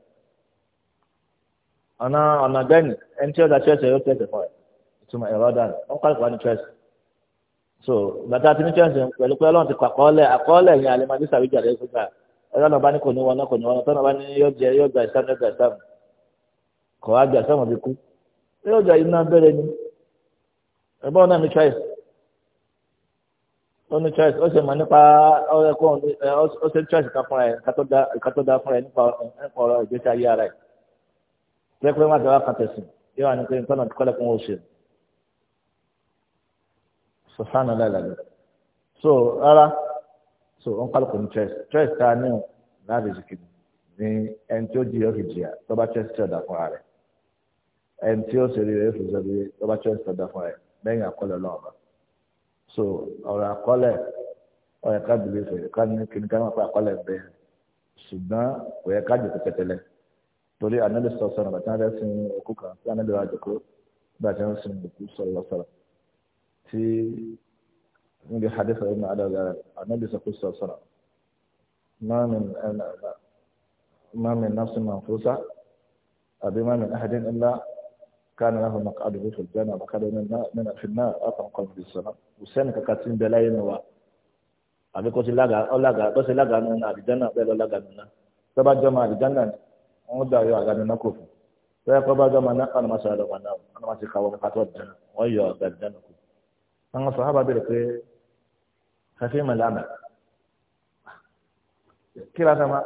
Ana ọ̀nà bẹ́ẹ̀ni ẹni tí ó da chẹ́sì yóò tẹ̀sẹ̀ fún ẹ ìtumọ̀ ẹ̀rọ dànù ó ń kọ́ ìkọ́ ní chẹ́sì so bàtà tí ní chẹ́sì pẹ̀lú pé ọlọ́run ti kọ àkọọ́lẹ̀ àkọọ́lẹ̀ yẹn àlẹ́ máa ní sàbíjà rẹ̀ fún gbà ẹ̀rọ náà bá ní kò ní wọná kò ní wọná tọ́nà bá ní yóò jẹ yóò gba ìsàmù yóò gba ìsàmù kò wá gba ìsàmù bí kú yóò gba iná bẹ́rẹ̀ ni ẹ̀bọ́n náà ní chẹ́sì ó ní choice ó ṣe mọ̀ nípa ọ̀rẹ́ kó ó ṣe choice kan fúnra ẹ̀ ìkàtọ́dá fúnra ẹ̀ nípa ọ̀rọ̀ ìgbésí ayé ara ẹ̀ tẹ́ pé wọ́n ti wá kàtẹ́sì yóò wà ní pé nǹkan náà ti kọ́lẹ̀ fún ṣe sọ̀sánà lálẹ́ so rárá so wọ́n kálukú ní chess chess tá a ní láti jìkì ní ẹni tí ó jìyà ó fi jìyà tó bá chess tí ó dà fún ẹni tí ó ṣe rí rẹ̀ fi ṣe rí tó bá chess tí ó dà fún ara àkọlẹ̀ lọ́wọ́ so ọ̀rọ̀ àkọlẹ̀ ọ̀yẹ̀ká bìlẹ̀ fẹ̀ ká ní kíni ká má pa àkọlẹ̀ bẹ́ẹ̀ ṣùgbọ́n ọ̀yẹ̀ká jù kẹ́kẹ́tẹ́lẹ̀ torí ànábì sọ sọ̀rọ̀ bàtí wọ́n fẹ́ sin òkú kan tí ànábì wà jòkó bàtí wọ́n sin òkú sọ̀rọ̀ sọ̀rọ̀ tí níbi hadith ibn adáwọ̀ ànábì sọ kó sọ̀rọ̀ sọ̀rọ̀ ما من نفس منفوسة بما من أحد إلا كان له مقعده في الجنة ومقعده من في النار أقام قوم بالسلام وسنك كاتين بلاي نوا أبي كوتي لغا أو لغا بس لغا نونا بالجنة بلا لغا نونا تبا جمع الجنة wọn dà yọ àgàdo náà kò fún bẹ́ẹ̀ kọ́ bá jọ máa ná kánú máa ṣàlọ́ wọn náà wọn máa ti kàwọ́ nípa tó dáná wọn yọ àgàdo dáná kù. àwọn sàhábà bèrè pé kàfé màlámà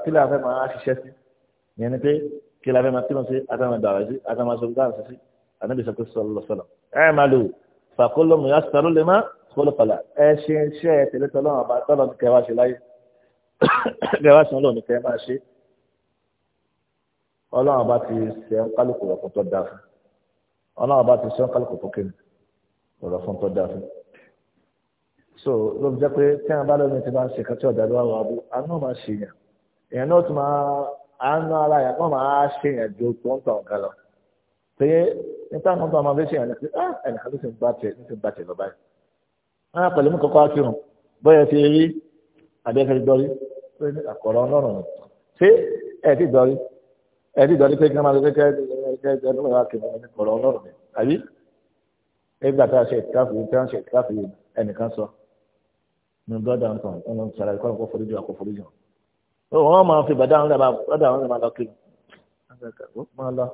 kí la fẹ́ máa ṣiṣẹ́ sí ìyẹn ni pé kí la fẹ́ máa kírun sí àtàwọn dàrá sí àtàwọn sọgbà sí sí ànábì sọ pé sọlọ sọlọ ẹ máa lò fàkóló mu yà sàrò lè má kóló pàlà ẹ ṣe iṣẹ́ tẹ̀lé tọ́lọ́ àbá tọ́lọ́ kẹwàá ṣe láyé [COUGHS] kẹwàá ṣe lọ́ọ̀ ní kẹ ṣe ọlọ́run bá ti ṣe kálukú rẹ̀ fún tó dáa fún ọlọ́run bá ti ṣe kálukú tó kéwì rẹ̀ fún tó dáa fún. so ló fi jẹ́ pé tí àwọn bá lómi ti máa ń ṣe kátó ọ̀dà ló wà bú àánú máa ṣe yàn èèyàn náà tún máa àánú ara yàn kọ́ máa ṣe yàn ju tó ń tàn gan lọ pé nípa àwọn tó máa fi ṣe yàn ní pé ah ẹnìkan ló ti ń bá tẹ ló ti ń bá tẹ lọ báyìí. wọ́n á pẹ̀lú mú kọ́kọ́ akírun bóyá ti rí àbẹ́fẹ́ gbọ́rí pé àkọ̀rọ̀ ọlọ́run ṣé ẹ̀ ti ẹni ìdọ́ni pé kí wọ́n máa lọ kẹ́ kẹ́ ọlọ́run àkèmọ́ ẹni kọ̀rọ̀ ọlọ́run ni àbí nígbà tá a ṣe ìtìkáfù yìí tí wọ́n ṣe ìtìkáfù yìí ẹnìkan sọ ní bọ́dà ń tàn ẹni sọ̀rọ̀ ẹ̀kọ́ ẹ̀kọ́ foríjì àkọ́ foríjì wọn. wọ́n máa fi bàdá àwọn ọ̀dà bàdá àwọn ọ̀dà máa lọ kí wọ́n lọ.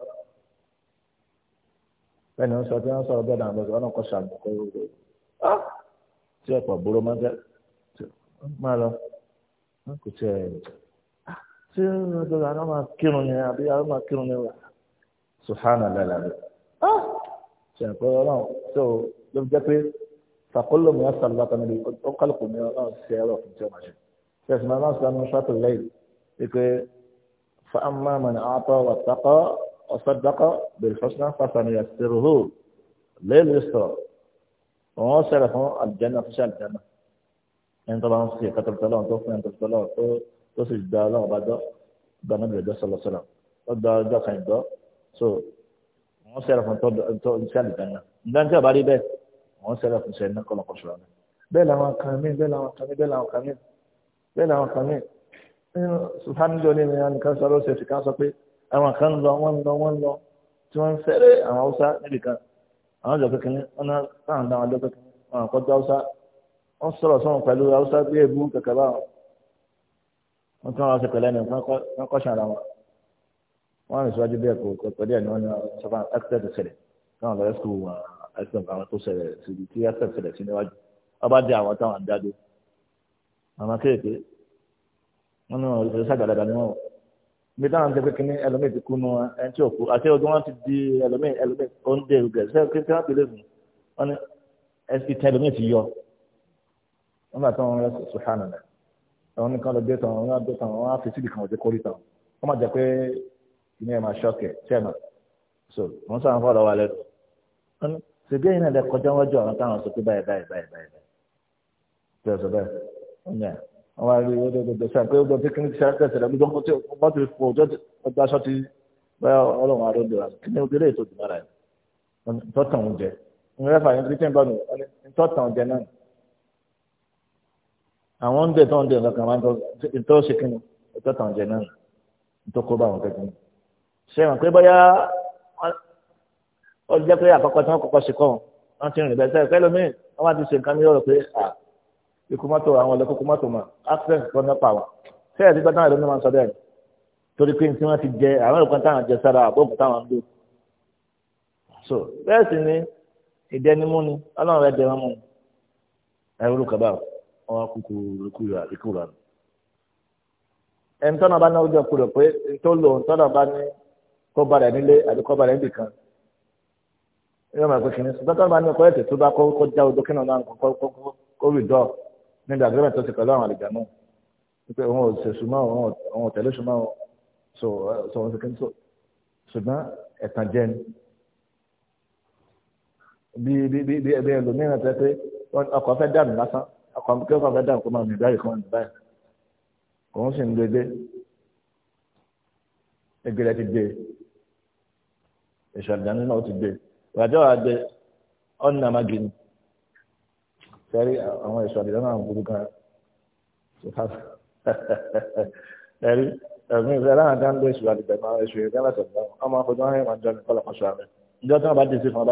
ẹni wọ́n sọ tí wọ́n sọ̀rọ̀ bọ́dà àwọn ọ̀dà kọ́ sàmù ṣé ọ̀dọ̀ àná máa kírun ni àbí àná máa kírun ni wà sùhánà lálẹ́ àbí ṣe àpẹẹrẹ ọlọ́run tó ló fi jẹ́ pé fàkólò mi á sàlùbá kan níbi ó kálukú mi ọlọ́run ṣe ẹ̀rọ fún tí ó máa ṣe ṣe ẹ̀sìn máa ń sọ àwọn ṣáàtì lẹ́yìn wípé fáamá mọ̀ ní àtọ́ wàtákọ́ ọ̀sọ́dákọ́ bèrè fọ́sùnà fásánì yàtìrúhù lẹ́lẹ́ sọ òun ṣẹlẹ̀ fún àlùjẹ́nà fúnṣẹ́ àlùjẹ́nà ẹni tó bá ń ṣe kátàkùtà lọ́wọ́ tó fún ẹni tó tó sì gba ọlọ́run bá dọ́ gba ọmọdé rẹ̀ dọ́ sọlọ́sọlọ́ ó gba ọjọ́ kan ìgbọ́ so wọ́n sẹ́ra fún tọ́ iṣẹ́ àlùbáyà nígbà tí ọba rí bẹ́ẹ̀ wọ́n sẹ́ra fún sẹ́yìn náà kọ́lọ́kọ́ sọ̀rọ̀ mi bẹ́ẹ̀ làwọn kan mí bẹ́ẹ̀ làwọn kan mí bẹ́ẹ̀ làwọn kan mí bẹ́ẹ̀ làwọn kan mí sùpàmìjọ ní ìrìn kan sọ lọ́sẹ̀ fi kan sọ pé àwọn kan ń lọ wọ́n ń lọ wọ́n ń lọ tí wọ́n ń fẹ́rẹ́ àwọn haúsá níbi kan àwọn ìjọ wọ́n tún wọn ṣe pẹ̀lẹ́ ní wọ́n kọ́ ṣàrà wọn wọ́n rìn síwájú bẹ́ẹ̀ kò pẹ̀lú ẹ̀ ní wọ́n ní sọ́fà accident ṣẹlẹ̀ káwọn lọ́yẹ́ sùkúù wọn accident àwọn tó ṣẹlẹ̀ síbi tí accident ṣẹlẹ̀ sí níwájú wọ́n bá dé àwọn táwọn dá dé àwọn kéèké wọ́n ní wọn ṣe ṣàgàdàgà ní wọn o bí táwọn ń tẹ́fẹ́ kínní ẹlòmíì ti kú nu ẹni tí àti ọdún wọn ti di ẹlòmíì ẹlòmíì àwọn nìkan lọ dẹ́tàn àwọn adẹ́tàn àwọn afẹ́sílì kan ọ̀jẹ̀ kórìí tàn wọ́n máa jẹ́ pé ìní ẹ̀ máa ṣọ́ọ̀kẹ̀ chairman so wọ́n sọ àwọn fọ́ọ̀lọ́ wa lẹ́nu ṣèbí ẹ̀yin náà lẹ kọjá wájú àwọn táwọn sọ pé báyìí báyìí báyìí báyìí bẹ́ẹ̀ sọ bẹ́ẹ̀ ọ̀nyà àwọn àrí ọdọọdọdọ sàn pé ọdọ kékeré ti sáré tẹsẹ̀ lẹ́nu gbọ́n tí wọ́n ti fò ọjọ́ aṣọ ti bẹ́ẹ̀ ọlọ́run àrò lè wà kí ni ojúlé ètò ìdìbò rẹ̀ tọ́tàn oúnjẹ ìrẹ́fà yẹn ti tẹ́ ń bọ̀ nù tọ́tàn oúnjẹ náà àwọn ń dẹ̀ tó ń dẹ̀ lọ́kàn máa ń tọ́ ìtọ́ ṣe kí ni ìtọ́ tàn jẹ náà ìtọ́ kó bá àwọn kẹ́kẹ́ ni. sẹ́wọ̀n pé bóyá ó jẹ́ pé àkọ́kọ́ tí wọ́n kọ́kọ́ ṣe kọ́ wọn ti rìn bẹ́ẹ̀ sẹ́wọ̀n pẹ́lú mi wọ́n bá ti ṣe nǹkan mi lọ́rọ̀ pé à ikú mọ́tò àwọn ọ̀lẹ́ kókó mọ́tò mà accident kan náà pa wà sẹ́yìn tí gbọ́dọ̀ ló máa ń sọ bẹ́ẹ̀ torí pé tí wọ́n ti jẹ àwọn ìpín táwọn jẹ sára àbọ̀bù táwọn ń lò so bẹ́ẹ̀ sì ni ìdẹnimú ni ọlọ́run rẹ̀ dẹ̀ wọ́n mú ẹ̀rú lùkọ́ báwọn wọn kúkú kúrò àti kúrò àná. ẹni tọ́nà bá náà ó jẹ́ kúrò pé tó lò ń tọ́nà bá ní kó ba rẹ̀ nílé àbí kó ba rẹ̀ níbìkan yóò máa pèsè ní sọ́tọ́ bá ní ọkọ̀ ẹ̀ tètè bá kó kó já odò kí náà náà kó kó kó rí dọ́ níbi àgbẹ̀rẹ̀ tó ti pẹ̀lú àwọn àlejò náà wípé òun ò sèṣù mọ́ òun ò tẹ̀lé ṣù mọ́ so so òun ti kí n tó ṣùgbọ́n ẹ̀tàn jẹ́ ni bí bí bí ẹlòmíràn tẹ́ pé ọkọ̀ fẹ́ dànù lásán kọ̀mpútẹ́sọ̀ fẹ́ dà kó máa mì báyìí kó máa mì báyìí òun sì ń gbégbé egele ti gbé ìṣọ̀dá nínú ó ti gbé ìwàjọ́ àgbẹ̀ ọ̀nà magini sẹ́rí àwọn ìṣọ̀dá náà ń burú gan ẹ̀rí ẹ̀mí ìfẹ́ láwọn dá ń gbé ìṣù àdìgbẹ̀ máa ìṣù ìgbẹ́ láti ọ̀dọ́ ọmọ afọjọ́ ayé máa ń jọ ní kọ́lọ̀ kan tí wọ́n bá dé sí fún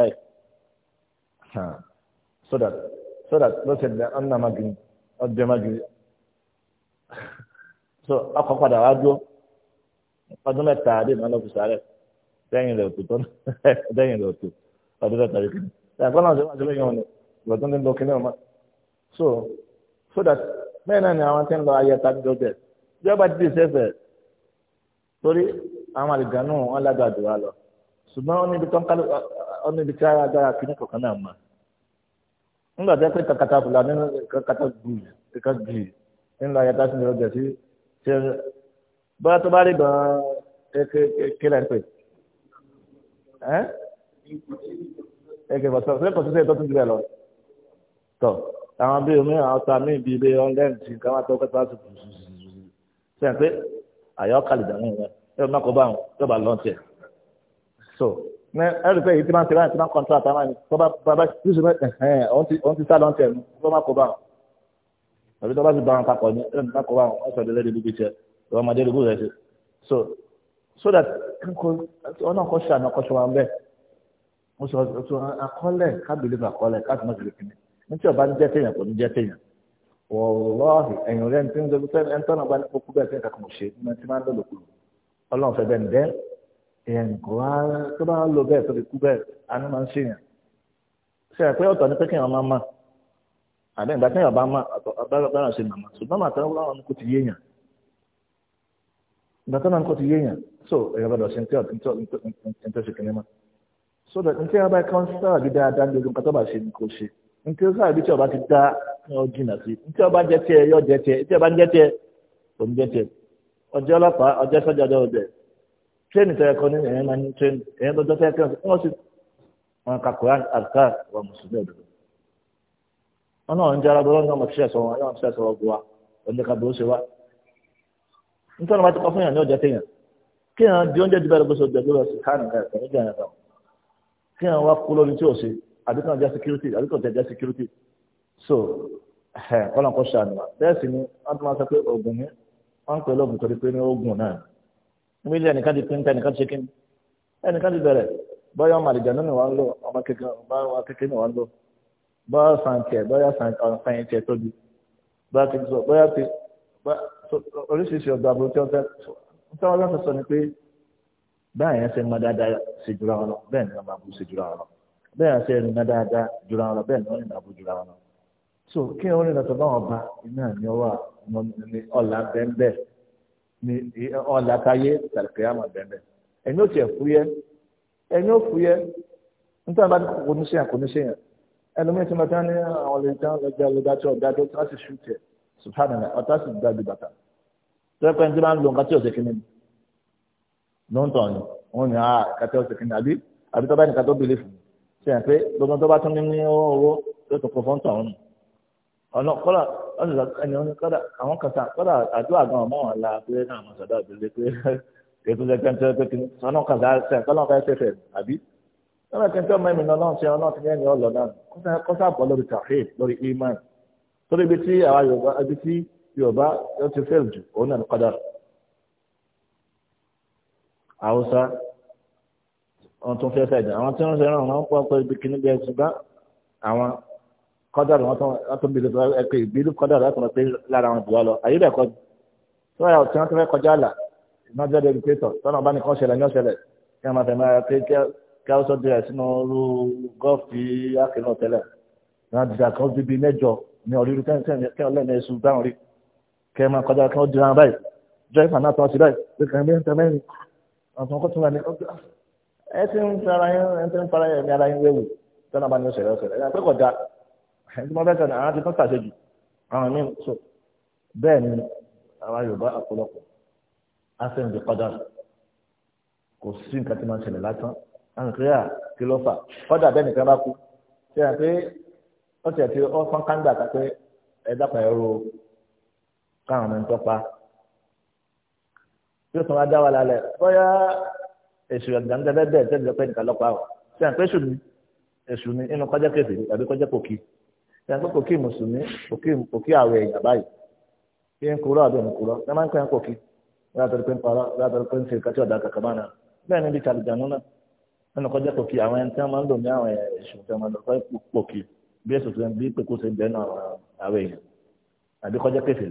ọ so that ló ṣẹlẹ̀ ọ̀nà magiri ọjọ́ magiri so ọkọ̀ padà wá dúró ọdún mẹ́ta àdé ìmọ̀ lọ́kù sáré lẹ́yìn rẹ̀ òtò tó [LAUGHS] lẹ́yìn rẹ̀ òtò ọdún mẹ́ta rẹ̀ kìíní ẹ̀kọ́ náà ṣe wá sí lẹ́yìn ọ̀nà ìgbọ̀dún ní kìíní ọ̀ma so so that bẹ́ẹ̀ náà ni àwọn tí ń lọ ayé tàbí dọ́jẹ̀ ìjọba dídì sẹ́fẹ̀ torí àwọn àlìgánú wọn lágbàdo wa lọ ṣùgbọ́n ó níbi tí agbára kìíní kọ̀ọ̀kan náà máa nígbà tó yẹ pé kàkàtà fúlà nínú kàkàtà gbì kàkà gbì nínú ayẹta sí ìrọ̀jẹ̀ sí ṣe bá tó bá rí gan-an kílẹ̀ ń pè ẹ́ ẹ̀kẹ́ bọ̀sọ̀ ṣé kò sí ṣe tó tún jù bẹ́ẹ̀ lọ tọ̀ àwọn bíi omi àwọn ọ̀tá mi bíi bíi ọ̀ngẹ́n tí nǹkan wá tó kẹ́ tó sùn ṣe pé àyọ̀ kàlìdà náà ẹ̀ ẹ̀ má bá wọn yóò bá lọ́ọ̀tì ẹ̀ so ní ẹrù pé èyí tí máa ń tẹ̀lé àti máa ń kọ́ńtà àtàwọn àmì tó bá bàbá yusuf ẹ̀hẹ́n òun ti sá lọ́ntẹ̀ mú tó má kó bá wọn àbí tó bá ti bá wọn papọ̀ ní ẹ̀rù má kó bá wọn ọ̀sẹ̀ lẹ́lẹ́ ibi tiẹ̀ ìwọ ọmọdé lógún rẹ̀ ṣe so so that ọ̀nà kọ́ ṣàánú ọkọ̀ ṣọwọ́ ń bẹ̀ mo sọ so àkọọ́lẹ̀ kábìlìfù àkọọ́lẹ̀ káàtì mọ́ sílẹ̀ kìnnì ní tí ọba ń jẹ́ téèyàn kò ní jẹ́ téèyàn wọ́ọ̀lọ́ọ̀hì ẹ̀yìn rẹ̀ ń tí ń jẹ́ ẹ̀ńtọ́nà bá ní kókó bẹ́ẹ̀ tí ń kàkùn èèyàn kò wá tó bá lọ bẹ́ẹ̀ tó lè kú bẹ́ẹ̀ àánú máa ń ṣèyàn ṣe àpẹ ọ̀tọ̀ ní pé kéèyàn máa mọ̀ àbẹ́ ìgbà kéèyàn bá mọ̀ àbẹ́rẹ́ ṣe màmá ṣùgbọ́n màtá láwọn ní kò ti yéèyàn ìgbà tó náà ní kò ti yéèyàn so èèyàn gbọdọ̀ ṣe ní tó ṣe kìnìún mọ́ so that ní tí wọ́n bá kọ́ ń sáà bí dáadáa ní ogun kátó bá ṣe ní kò ṣe ní tí ó sáà bí tí ọba ti dá ọ jìnà sí ní tí ọba jẹ tiẹ̀ yọ jẹ tiẹ̀ tí ọba ń jẹ tiẹ̀ kò ń jẹ tiẹ̀ ọjọ́ tírénì tó yẹ kọ ní ẹ̀yẹ́ máa ní tírénì ẹ̀yẹ́ lọ́jọ́ tó yẹ kí wọ́n sì wọn kà koran alkaar wa mùsùlùmí òdodo wọn náà ń jẹ́ ara bọ́lá ní ọmọ tíṣẹ́ sọ wọn yóò tíṣẹ́ sọ wọn bu wa ọ̀dẹ ká bó ṣe wa nítorí wọn ti kọ́ fún yàn ní ọjà téèyàn kí yàn di oúnjẹ dìbẹ́ lọ́gbọ́sọ ọjà lọ́wọ́ sí káàní kẹ́kẹ́ nígbà yẹn kan kí yàn wá kú lórí tí ò ṣe àdúgbò ọjà security àdúgbò ọjà so ọlọ́nkọ́ ṣàánú wa bẹ́ẹ̀ sì ni wọ́n ti máa sọ pé mílíọ̀nù ẹnìkan ti pín ẹnìkan ti ṣe kíni ẹnìkan ti bẹ̀rẹ̀ bọ́yá ọmọ àdìjànú ni wọ́n ń lò ọmọ kékeré ọmọ kékeré ni wọ́n ń lò bọ́yá sàǹtìẹ̀ bọ́yá sàǹtìẹ̀ tiẹ̀ tóbi bọ́yá ti sọ bọ́yá ti oríṣiríṣi ọ̀dọ̀ àbúrò tí wọ́n fẹ́ tí wọ́n fẹ́ sọ ni pé báyà ṣe mọ dáadáa ṣe jura wọn lọ bẹ́ẹ̀ ni ọmọ àbúrò ṣe jura wọn lọ bẹ́ẹ̀ ṣe rìn dáadáa jura wọn lọ bẹ́ẹ̀ ni wọ́n rìn àbúrò jura wọn lọ so kí wọ́n rìn lọ́tọ̀ báwọn ba iná ni ọwà ọ̀la bẹ́ẹ̀ bẹ́ẹ̀ ni ọ̀là káyé tàlùkìyàmọ̀ bẹ̀rẹ̀ ẹni ó tiẹ̀ fúyẹ́ ẹni ó fúyẹ́ nítorí bá kò ní sèyàn kò ní sèyàn ẹlòmíín tí mo tán ní àwọn olè tán lọ́jọ́ olùdájọ́ ọ̀dájọ́ tí wọ́n sì ṣú tiẹ̀ subhanahu ọ̀tá sì gba ju bàtà tẹ́pẹ́ ní tí wọ́n lo nǹkan tí ọ̀sẹ̀ kìíní ló ń tọ̀yìn wọ́n ní àá kàtí ọ̀sẹ̀ kìíní àbí àbí tọ́ bá ní kàtó bìlẹ̀ fún sẹ́yìn pé gbogbo tó bá wọ́n sì sọ ẹni wọn kọ́dà àwọn kọ̀sà kọ́dà àdúrà gan ọmọ wọn la pé náà wọn sọ̀dọ̀ àdúrà pé ètò ìṣẹ́kẹ́ntẹ́ pé kí sọ́nà kọ̀sà ṣe kọ́nà fẹ́ ṣe fẹ́ àbí sọ́nà kẹ́ntẹ́ ọmọ ẹ̀mí náà ṣe ọ̀nà ti lẹ́yìn ọ̀lọ́ náà kọ́sà bọ̀ lórí tàfíì lórí imán torí ibi tí àwa Yorùbá ibi tí Yorùbá ó ti fẹ́ jù òun náà kọ́dà Haúsá wọn tún fẹ́ fẹ́ dà àwọn tí wọ́n ṣe ràn wọ́n pọ̀ pé ibi kìnnìkan ṣùgbọ́n àwọn kọ́dọ̀rù wọn tó ń bí ẹgbẹ́ ìbílú kọ́dọ̀rù láti mọ̀ pé lára wọn jù wá lọ àyè bẹ́ẹ̀ kọ́ tí wọ́n yà tí wọ́n ti fẹ́ kọjá àlà iná jẹ́ lórí pétọ̀ tọ́nà bá nìkan ṣẹlẹ̀ ní ọ̀ṣẹlẹ̀ kí wọ́n máa fẹ́ máa pé kí wọ́n sọ́dọ̀ ẹ̀ sínú rú gọ́ọ̀fì ákè náà tẹ́lẹ̀ náà dìda kan ó bíbí mẹ́jọ ní ọ̀rírú kẹ́hìn tẹ́hìn kẹ́hìn lẹ́nu ẹni tó bá fẹ́ sọ àwọn ti tán sàṣejù àwọn míì sọ bẹ́ẹ̀ ni àwọn Yorùbá àpọ̀lọpọ̀ asẹ́ǹdì kọjá kò sí nǹkan tí máa ń ṣẹlẹ̀ lásán àwọn kìlá kìlọ́fà kọ́dà bẹ́ẹ̀ nìkan bá kú ṣe àti ọ̀sẹ̀ tí ọ̀sán kángbà kápẹ́ ẹ̀dàpọ̀ ẹ̀rọ káwọn ọmọ ẹ̀ńtọ́ pa yóò tún wá dá wa lálẹ́ bóyá èṣù ẹ̀gbàǹdà bẹ́ẹ̀ bẹ́ẹ̀ tẹ́lẹ̀ pẹ́ nìkan lọ́pàá ọ̀ ṣe àpẹ́ṣù ni èṣù ni inú kọjá kẹfì àbí kọjá kòkì ṣe pé kò kí mùsùlùmí kò kí kò kí àwọ̀ èèyàn báyìí kí n kúrò àbẹ̀ mi kúrò ṣe máa ń pẹ́ ń kò kí látọ̀rọ̀ pé ń parọ́ látọ̀rọ̀ pé ń ṣe kàtí ọ̀dà kàkà bá náà bẹ́ẹ̀ níbi tàlùjànú náà nínú kọjá kò kí àwọn ẹni tí wọ́n máa ń lò ní àwọn ẹ̀sùn tí wọ́n máa ń lò kọ́ pò kí bí èso tó ń bí pé kó ṣe bẹ́ẹ̀ náà àwọ̀ èèyàn àbí kọjá kéfèé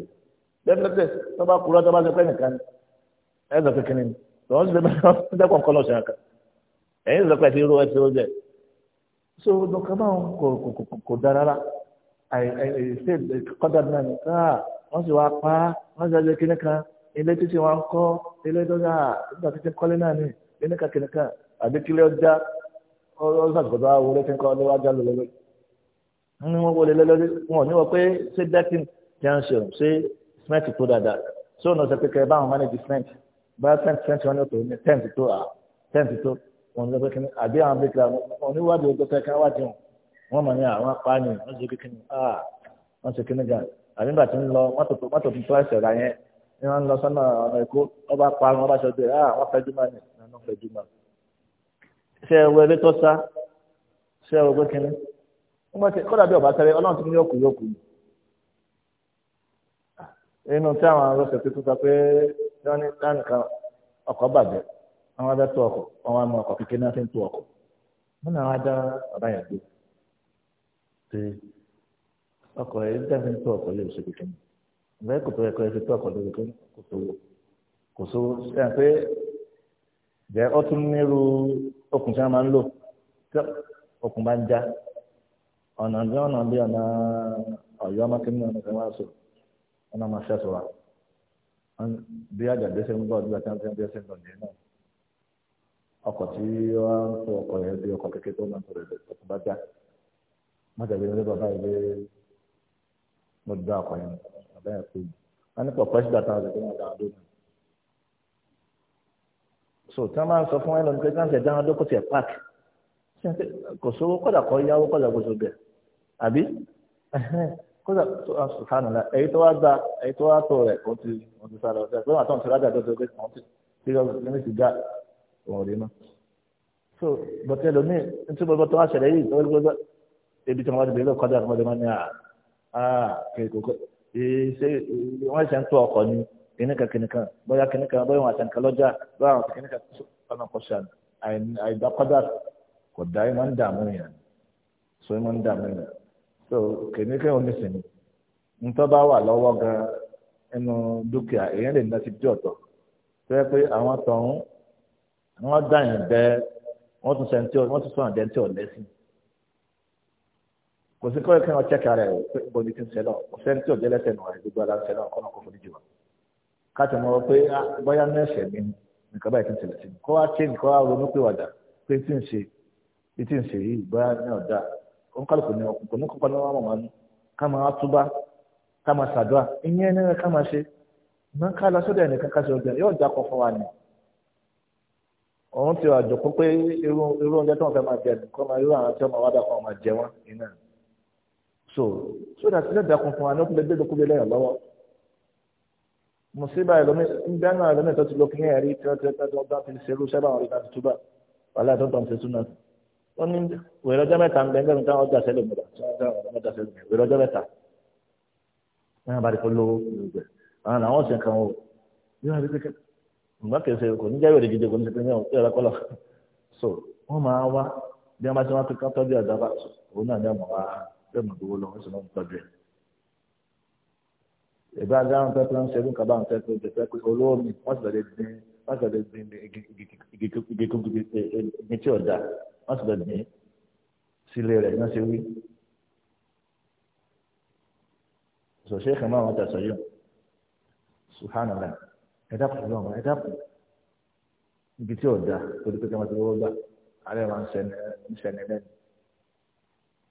lẹ́tẹ̀tẹ̀ tó bá kúrò [LAUGHS] kọ́dà náà nìkan ah, wọ́n sì wá pa wọ́n sì wá jẹ́ kíní kan ilé títí wọn kọ́ ilé tó yà nígbà títí kọ́lé náà ni kíní kan kíní kan àbí kílé ọjà ọlọ́sàn kò tó wọlé tí ń kọ́ lọ́wọ́ ajá lọ́lọ́lọ́ ní wọ́n wọlé lọ́lọ́lọ́ wọn ò ní wọ́n pé ṣé dakin junction ṣé cement tó dáadáa ṣé ọ̀nà ọ̀sẹ̀ pé kẹ́ ẹ bá wọn manage cement bá cement cement wọn ní ọ̀tọ̀ ní tent tó à tent tó wọn ní wọ́n pé kí ni àbí àwọn bíkìlà wọ́n mọ̀ ní àwọn ah, apáni wọ́n ṣe kíkín ah wọ́n ṣe kíní gan àbí nígbà tí ń lọ mọ́tò mọ́tò tuntun ẹ̀sẹ̀ rà yẹn ni wọ́n ń lọ sọ́nà ọ̀nà èkó wọ́n bá parun wọ́n ṣọdẹ ah wọ́n fẹ́ jùmọ̀ ni wọ́n fẹ́ jùmọ̀. ṣé ẹ wọ ẹbí tó sá ṣé ẹ wọ pé kíní kódà bí ọba sáré ọlọ́run ti ní yókù yókù inú tí àwọn arọ́sẹ̀ tuntun sọ pé wọ́n ní táwọn kan ọkọ̀ bàjẹ́ àwọn adá tó ọkọ̀ àwọn amọ̀ ọkọ̀ kékeré náà ti pé ọkọ̀ yìí dáhùn tó ọkọ̀ yóò ṣe kékeré bẹ́ẹ̀ kò tó ẹ̀kọ́ yẹn ti tó ọkọ̀ kékeré kò kò ṣe pé nírú okùn tí máa ń lò tí okùn bá ń já ọ̀nà bí ọ̀nà bí ọ̀nà ọ̀yọ́ ọ̀nà kan wá sọ ọ̀nà máa ṣe bí ṣe ń bọ̀ ṣe ń bọ̀ nìyẹn náà ọkọ̀ tí wọ́n ń ọkọ̀ yẹn bí ọkọ̀ kékeré tó máa ń má tẹ̀lé ní bàbá ilé mo dá ọkọ̀ yẹn bàbá yẹn pé wọ́n ní pọ̀pọ́ sí bàtà ọ̀sẹ̀ tó wọ́n dáhùn dókòó. so tí wọ́n máa ń sọ fún ẹlòmí pé káńtẹ̀ dáhùn dókòó tiẹ̀ pààkì kò sówó kọ́dà kọ́ yáwó kọ́dà kò sóbẹ̀ àbí kódà sùfànàlà èyí tó wá gba èyí tó wá tó rẹ̀ kó ti wọ́n ti sálọ ọ̀sẹ̀ pé wọ́n àtọ̀ ti sílọ lẹ́mí so bọ̀tẹ́ lomi nítorí bọ́tọ́ wá ṣẹlẹ̀ yìí tó gbogbo ibi tí wọ́n ti bẹ̀rẹ̀ kọ́dà ọmọdé wọn ni à wọ́n ṣe ń tó ọkọ̀ ni kìnìkan kìnìkan bóyá kìnìkan bóyá wọn àtàǹkà lọ́jà bóyá wọn kìnìkan ọ̀nà kọ̀ṣà àìdá kọ́dà kò dá ẹ máa ń dààmú yẹn so ẹ máa ń dààmú yẹn so kìnìkan ò ní sinmi ntọ́ bá wà lọ́wọ́ gan inú dúkìá èèyàn lè ná sí bí ọ̀tọ̀ tó yẹ pé àwọn tọ̀hún wọ́n dá yẹn bẹ́ẹ̀ wọ́n tún sọ àdẹ́ntì ọ̀lẹ́sìn kò sí kọ́yọ̀ kí wọ́n chẹ́kà rẹ̀ pé bó ni ti ń sẹ́lọ̀ kò sẹ́ni tí ò jẹ́lẹ́sẹ̀ nù rẹ̀ gbogbo ara ń sẹ́lọ̀ ọ̀nà kò forí jù wá káàtì mọ́ pé bóyá mẹ́sẹ̀ mi nǹkan báyìí ti ń ṣẹlẹ̀ sí mi kó wá ṣe nǹkan wá ronú pé wàdà pé tí ń ṣe tí ń ṣe yìí bóyá ní ọ̀dà ó ń kálukú ní ọkùnkùn kò ní kópa ní wọn mọ̀ wọn ká máa túbá ká máa wa ni òun ti wà jòkó pé irú oúnjẹ tí wọn fẹ́ máa jẹ nìkan máa irú àwọn tí so so that ilé ìdákun fún wa ní ọkùnrin gbẹdẹ kúlẹ lẹ́yìn lọ́wọ́ mùsíbà ìlọmí ń dáná ìlọmí tó ti lọ kíní ẹrí tí wọn ti tẹ tó bá fi ṣerú sábà wọn ìgbà tuntun bá wàhálà tó ń tọ́ ń ṣe súnà wọn ní wẹ̀rẹ̀ ọjọ́ mẹ́ta ń bẹ́ńgẹ́rún táwọn ọjà sẹ́lẹ̀ mọ́ta tí wọ́n dá sẹ́lẹ̀ wẹ̀rẹ̀ ọjọ́ mẹ́ta náà bá rí kó lówó lóògbé àwọn àwọn ọ̀sẹ̀ kan o yóò rí pé ǹgbà kẹsẹ̀ kò ní jẹ́ ìròyìn gidi kò ní ṣe pé ní ọ̀rẹ́ kọ́lọ̀ so wọ́n máa wá bí wọ́n bá ti wá pé ká tọ́jú àdábà òun náà ní ọmọ wa yóò mọ̀ gbowó lọ wọ́n sì máa ń tọ́jú ẹ̀. ìbá dáhùn pẹ́ pẹ́ ń ṣe lóǹkà báwọn pẹ́ pẹ́ jẹ pẹ́ pé olówó mi wọ́n sì lọ́dẹ dín wọ́n sì lọ́dẹ dín igi tí ọ̀dà wọ́n sì lọ́dẹ dín sílé rẹ̀ ní wọ́n ṣe wí. sọ̀ṣẹ́ ìkànnì àwọn ọjà sọ yìí subhanallah ẹ dákun lọ́wọ́ ẹ dákun ibi tí ọ̀dà torí pé kí wọ́n ti wọ́ gbà alẹ́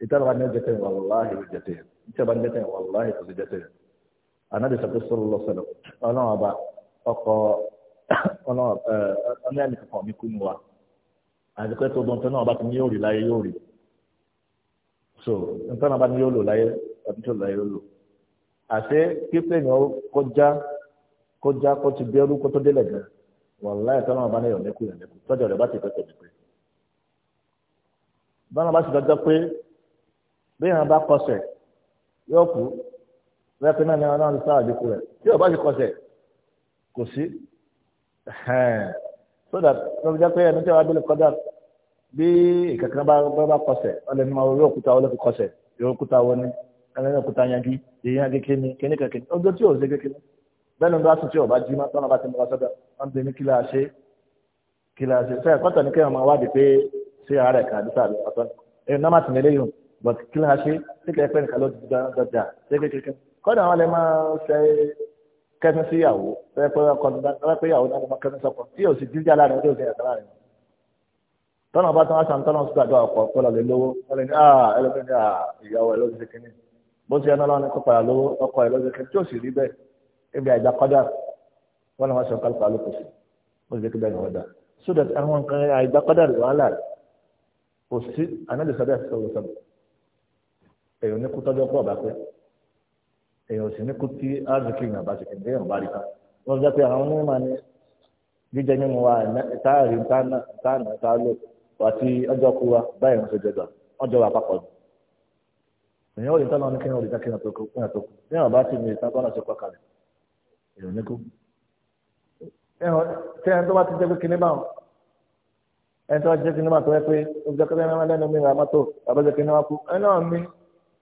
ita ba ne jata wallahi ko jata yin ita ba ne jata yin wallahi ko jata yin anabi sallallahu alaihi wasallam ọlọ́run ọba ọkọ ọlọ́run ọlọ́run ẹni kankan mi kú mu wa àti pé tó dọ̀ntàn náà ọba ti ní yóò rí láyé yóò rí so ntọ́ náà ọba ní yóò lò láyé ọdún tó láyé yóò lò àti pípẹ́ ni ó kọjá kọjá kó ti bẹ́rù kó tó délẹ̀ gan wàláyé tọ́lá ọba ní ìrọ̀lẹ́kù ìrọ̀lẹ́kù tọ́jà rẹ̀ bá ti pẹ́ pẹ́ pẹ́ báwọn bá ti bẹ́ẹ̀ yẹn bá kọsẹ̀ yóò kú lẹ́pẹ́ náà ni wọn náà ń sá àdínkù rẹ̀ tí yóò bá ti kọsẹ̀ kò sí sódà tó fi jẹ́ pé ẹni tí wọ́n abẹ́lé kọjá bí ìkankan bá bá kọsẹ̀ ọlẹ́ ní ma orí òkúta ọlẹ́ fi kọsẹ̀ yóò kúta wọn ni ẹlẹ́ni òkúta yangi èyí yangi kíni kíní kankan ọjọ́ tí yóò ṣe kékeré bẹ́ẹ̀ ni bá tún tí yóò bá jí má tọ́nà bá ti mú wa sọ́dọ̀ wọ́n ń bẹ ní kílà ṣe kílà ṣe sẹ́yìn kọ́tà ní kéèyàn máa wádìí pé ṣé ara ẹ̀ but kí ló ń ṣe ṣé kẹ́kẹ́ pẹ́ nìkan ló ti dán dọ́jà ṣé kékeré kọ́dà wọn lè máa ṣe kẹ́sìn sí ìyàwó ṣe pé ọkọ náà pé ìyàwó náà máa kẹ́sìn sọ́kọ tí yóò sì jíjà láàrin ọdún òsè ẹ̀ka láàrin tọ́nà bá tán wá sàn tọ́nà sùgbà àdúrà ọkọ̀ ọ̀pọ̀ lọ́lẹ̀ lówó ọlẹ́ ní àà ah, ẹlẹ́gbẹ́ ní àà ah, ìyàwó ẹ̀ ló ti ṣe kínní bó ṣe ẹná lọ́wọ́ ní kó padà lówó ọkọ̀ ẹ̀ ló ti ṣe tí ó sì rí bẹ́ẹ̀ ibi àìjà kọjá wọn ni wọ́n ṣe ọ̀kálùkọ̀ alókò sí ó sì ṣe bẹ́ẹ̀ ni wọ́n dà èèyàn ní kú tọ́jọ́ pọ̀ bá pẹ́ èèyàn sì ní kú tí azikí yàn bá ṣèkè déyàn bá rí ká wọ́n jẹ́ pé àwọn onímọ̀ ni jíjẹ nínú wa táàrí táànà àti ọjọ́ kú wa báyìí wọ́n ṣe ọjọ́ wa papọ̀ ni èèyàn ò lè ní kí wọ́n tó kú bá ti ní ìta bọ́lá ṣe pọ̀kalẹ̀ èèyàn ní kú tẹ́yìn tó bá ti jẹ́ pé kinní báwọn ẹni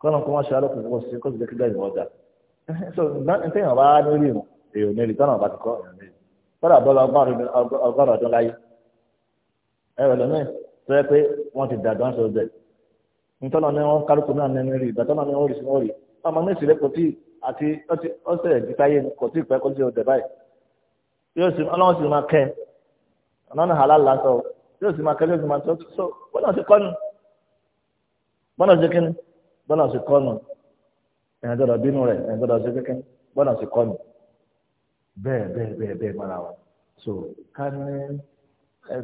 kọ́nà kó wọ́n ṣe alọ́kùnrin kó ṣe kó ṣe kí gbẹ̀yìn ọjà [LAUGHS] so ntẹ̀yìn ọba nílì nù èèyàn nílì tọ́nà ọba ti kọ́ èèyàn bọ́lá ọgọ́rùn ọdún láyé ẹ̀rọ lónìí tó yẹ pé wọ́n ti dàgbà ṣe ọbẹ̀ ntọ́nà ni wọ́n kálukú náà ní na ìgbà tọ́nà ni wọ́n rí sí wọ́n rí ọmọ méjì lẹ́kọ̀ọ́ àti ọ̀sẹ̀ ìdíkáyé kò pẹ́ kó báyìí bọ́lá sì kọ́nu ẹ̀yìn gbọ́dọ̀ bínú rẹ̀ ẹ̀yìn gbọ́dọ̀ sí kékeré bọ́lá sì kọ́nu bẹ́ẹ̀ bẹ́ẹ̀ bẹ́ẹ̀ bẹ́ẹ̀ mara wa so ká ní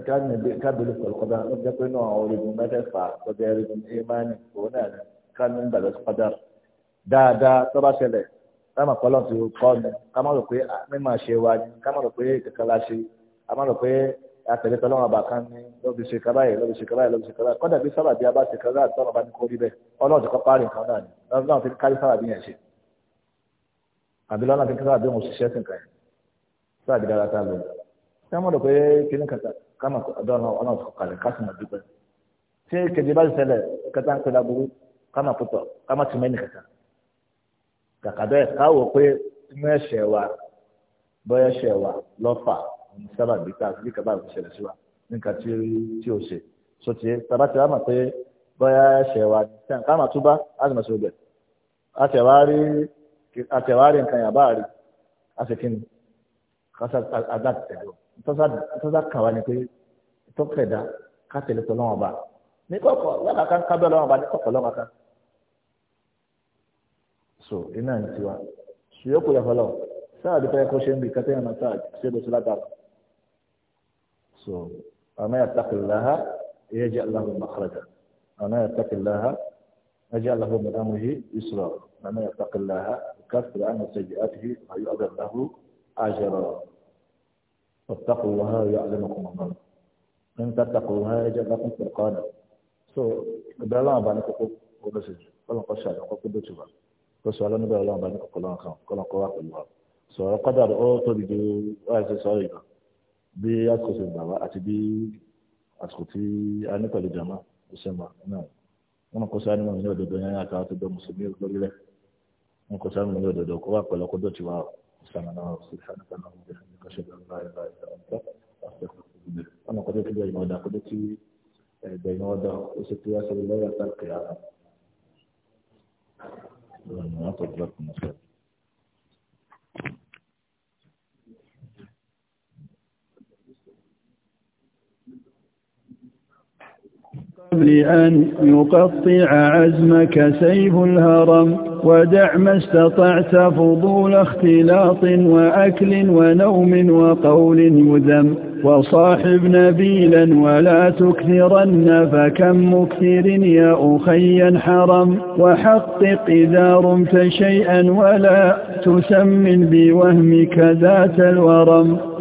ká ní ká bẹ̀rẹ̀ pẹ̀lú kọ́dà ó jẹ́ pé náà orígun mẹ́fẹ̀ẹ̀fà kọjá orígun ìmánì òun náà ní ká ní gbàgbé kọ́dà dáadáa tó bá ṣẹlẹ̀ ká má kọ́lọ́ ti kọ́ ni ká má rò pé mímọ̀ ṣe wa ni ká má rò pé kẹ̀kẹ́ àtẹ̀lé tọ́lọ́ wọn bàkan ní lọ́bi ṣe kaba yìí lọ́bi ṣe kaba yìí lọ́bi ṣe kaba yìí kọ́dà bí sábà bí a bá ṣe kaba àti tọ́lọ́ bá ní kó rí bẹ́ẹ̀ ọlọ́run ti kọ́ páàrí nǹkan náà ni lọ́dún náà ti kárí sábà bí yẹn ṣe àbí lọ́nà ti sábà bí òun ṣiṣẹ́ sí nǹkan yẹn sábà bí dára tá a lò ṣé wọ́n mọ̀ pé kíní kàtà kámà ọ̀dọ́nà ọlọ́run ti kọ́ kalẹ̀ kásìmọ̀ dúpẹ́ ṣé kejì bá ṣẹlẹ̀ kẹta ń pè láburú kámà púpọ̀ kámà ti mẹ́ni kàtà kàkà bẹ́ẹ̀ káwọ̀ pé inú ẹ̀ṣẹ̀ wa bọ́yẹ̀ṣẹ̀ wa lọ́fà sábà bí ká bí kaba kò ṣẹlẹ̀ sí wa nǹkan tí tí o ṣe so ti taba ti wá mọ̀ pé bóyá ẹ̀ṣẹ̀ wa ni sẹ́yìn ká mà tún bá á sì mọ̀ sí ọbẹ̀ àtẹ̀wárí àtẹ̀wárí nǹkan yàbá rí àṣekínni kásá adáàtẹ̀dọ̀ ntọ́sá kàwá ni pé tọ́kẹ̀dá kátẹ̀lẹ́ tọ́ lọ́wọ́ bá ní kọ́kọ́ yàrá kan kábẹ́ lọ́wọ́ bá ní kọ́kọ́ lọ́wọ́ kan so iná ní tiwa ṣùgbọ́n kò yà fọlọ́ sáà dúpẹ́ kó ṣe ń bì kátẹ́yìn náà sáà ṣe é bó ṣe ládàá so ama yattaqillaha yaj'al lahu makhraja ama yattaqillaha yaj'al lahu min amrihi yusra ama yattaqillaha yukaffir anhu sayyi'atihi wa yu'adhib lahu ajra wattaqullaha ya'lamukum Allah in tattaqullaha yaj'al lakum furqana so ibrahima bani koko kodo seju kolon ko shado ko kodo tuba ko so ala ni ibrahima bani koko lon kan kolon ko wa pẹ̀lú wa so qadar o to bi bí àsìkò ṣe gbà wá àti bí àsìkò tí a ní pẹ̀lú jama ó ṣe mà náà wọn kò sáré mọ̀ ní òdodo yẹn àtàwọn tó bẹ mùsùlùmí lórílẹ̀ wọn kò sáré mọ̀ ní òdodo kó wà pẹ̀lú ọkọ̀ dọ̀tí wa sàmànà sàmànà ọmọ kọjá tó bẹ ìmọ̀ ọ̀dà kọjá tí bẹ ìmọ̀ ọ̀dà ó ṣe tí wá sọ lọ́wọ́ àtàkùn yàrá. قبل أن يقطع عزمك سيف الهرم ودع ما استطعت فضول اختلاط وأكل ونوم وقول يذم وصاحب نبيلا ولا تكثرن فكم مكثر يا أخي حرم وحقق إذا رمت شيئا ولا تسمن بوهمك ذات الورم